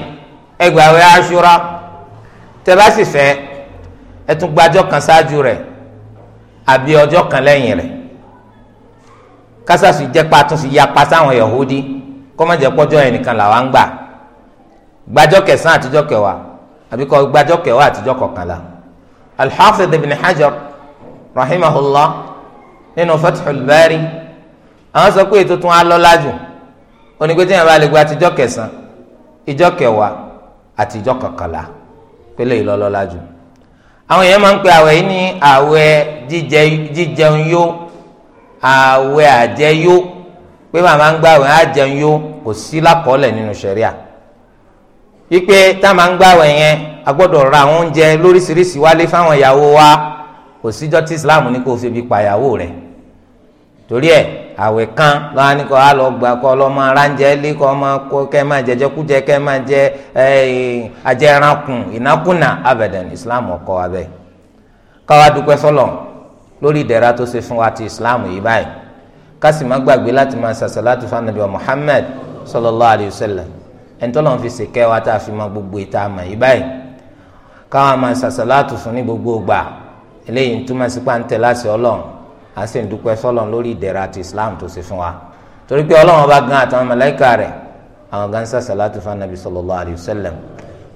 ẹgbàá wẹ̀ tẹ́bá sì fẹ́ ẹ tún gba ọjọ́ kan ṣáájú rẹ̀ àbí ọjọ́ kan lẹ́yìn rẹ̀ kásásù jẹ́pá tún fi yapa sáwọn Yahudi kọ́mọ̀jẹ́ pọ́jọ́ yẹn nìkan làwa ń gbà gbàjọ́ kẹsàn-án àtijọ́ kẹwàá àbí kọ́ gbàjọ́ kẹwàá àtijọ́ kọkànlá Al-Hafidh ibn Hajar rahimahullah nínú Fathul Bari àwọn sọ pé ètò tún á lọ́lá jù onígbẹ́tẹ̀yìn bá lè gba àtijọ́ kẹsàn-án ìjọ́ kẹwàá àtijọ́ kọkànlá pélé ìlọlọ́lá jù àwọn èèyàn máa ń pe àwẹ̀ yìí ní àwẹ̀ jíjẹun yó àwẹ̀ àjẹyó pé màmá ń gbàwẹ̀ àjẹun yó kò sí lákọọ́lẹ̀ nínú ṣẹ̀ríà wípé tá a máa ń gbàwẹ̀ yẹn a gbọ́dọ̀ ra àwọn oúnjẹ lóríṣiríṣi wálé fáwọn ìyàwó wa kò síjọ́ tí Islam ní kó o fi bí pa ìyàwó rẹ̀ torí ẹ̀ àwẹ̀ kan lọ́wọ́ ni kò á lọ gbà kọ́ lọ́ máa ránjẹ́ lé kọ́ máa kó kẹ́ máa jẹjẹ kújẹ kẹ́ máa jẹ ajẹ́rankùn ìnákùnà abẹ̀dẹ̀n islam ọkọ̀ abẹ́ káwa dúpẹ́ sọ́lọ̀ lórí ìdẹ̀ra tó ṣe fún wa ti islam yìí báyìí ká má gbàgbé láti máa ṣàṣà láti fún anabi muhammed sallallahu alayhi wa sallam ẹni tó lọ́n fi ṣèkẹ́ wa tá a fi máa gbogbo ìta àmà yìí báyìí káwa máa ṣàṣà láti fún ní gbogbo ìgbà eléyìí ń túmọ̀ sí pàǹtẹ̀ láti ọlọ́run à ń sì ń dúpẹ́ sọ́lọ̀ lórí ìdẹ̀ra àti islam tó ṣe fún wa torí pé ọlọ́run bá gan àtàwọn màláíkà rẹ̀ àwọn gan sá sàlátù fún anabi sallallahu alayhi wa sallam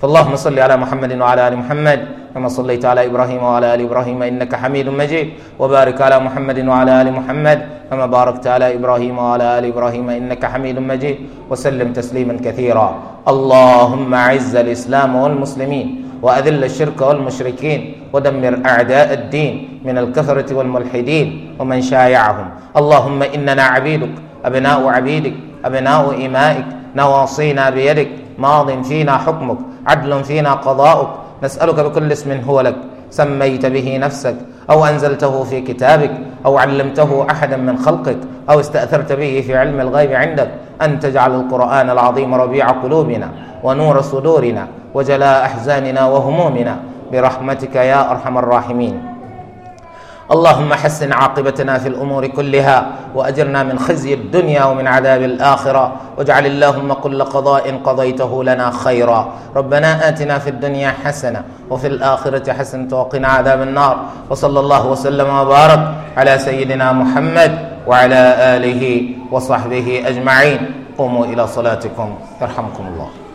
فاللهم صل على محمد وعلى ال محمد كما صليت على ابراهيم وعلى ال ابراهيم انك حميد مجيد وبارك على محمد وعلى ال محمد كما باركت على ابراهيم وعلى ال ابراهيم انك حميد مجيد وسلم تسليما كثيرا اللهم اعز الاسلام والمسلمين وأذل الشرك والمشركين ودمر أعداء الدين من الكثرة والملحدين ومن شايعهم اللهم إننا عبيدك أبناء عبيدك أبناء إمائك نواصينا بيدك ماض فينا حكمك عدل فينا قضاؤك نسألك بكل اسم هو لك سميت به نفسك أو أنزلته في كتابك أو علمته أحدا من خلقك أو استأثرت به في علم الغيب عندك أن تجعل القرآن العظيم ربيع قلوبنا ونور صدورنا وجلاء أحزاننا وهمومنا برحمتك يا أرحم الراحمين اللهم حسن عاقبتنا في الامور كلها واجرنا من خزي الدنيا ومن عذاب الاخره واجعل اللهم كل قضاء قضيته لنا خيرا ربنا اتنا في الدنيا حسنه وفي الاخره حسنه وقنا عذاب النار وصلى الله وسلم وبارك على سيدنا محمد وعلى اله وصحبه اجمعين قوموا الى صلاتكم يرحمكم الله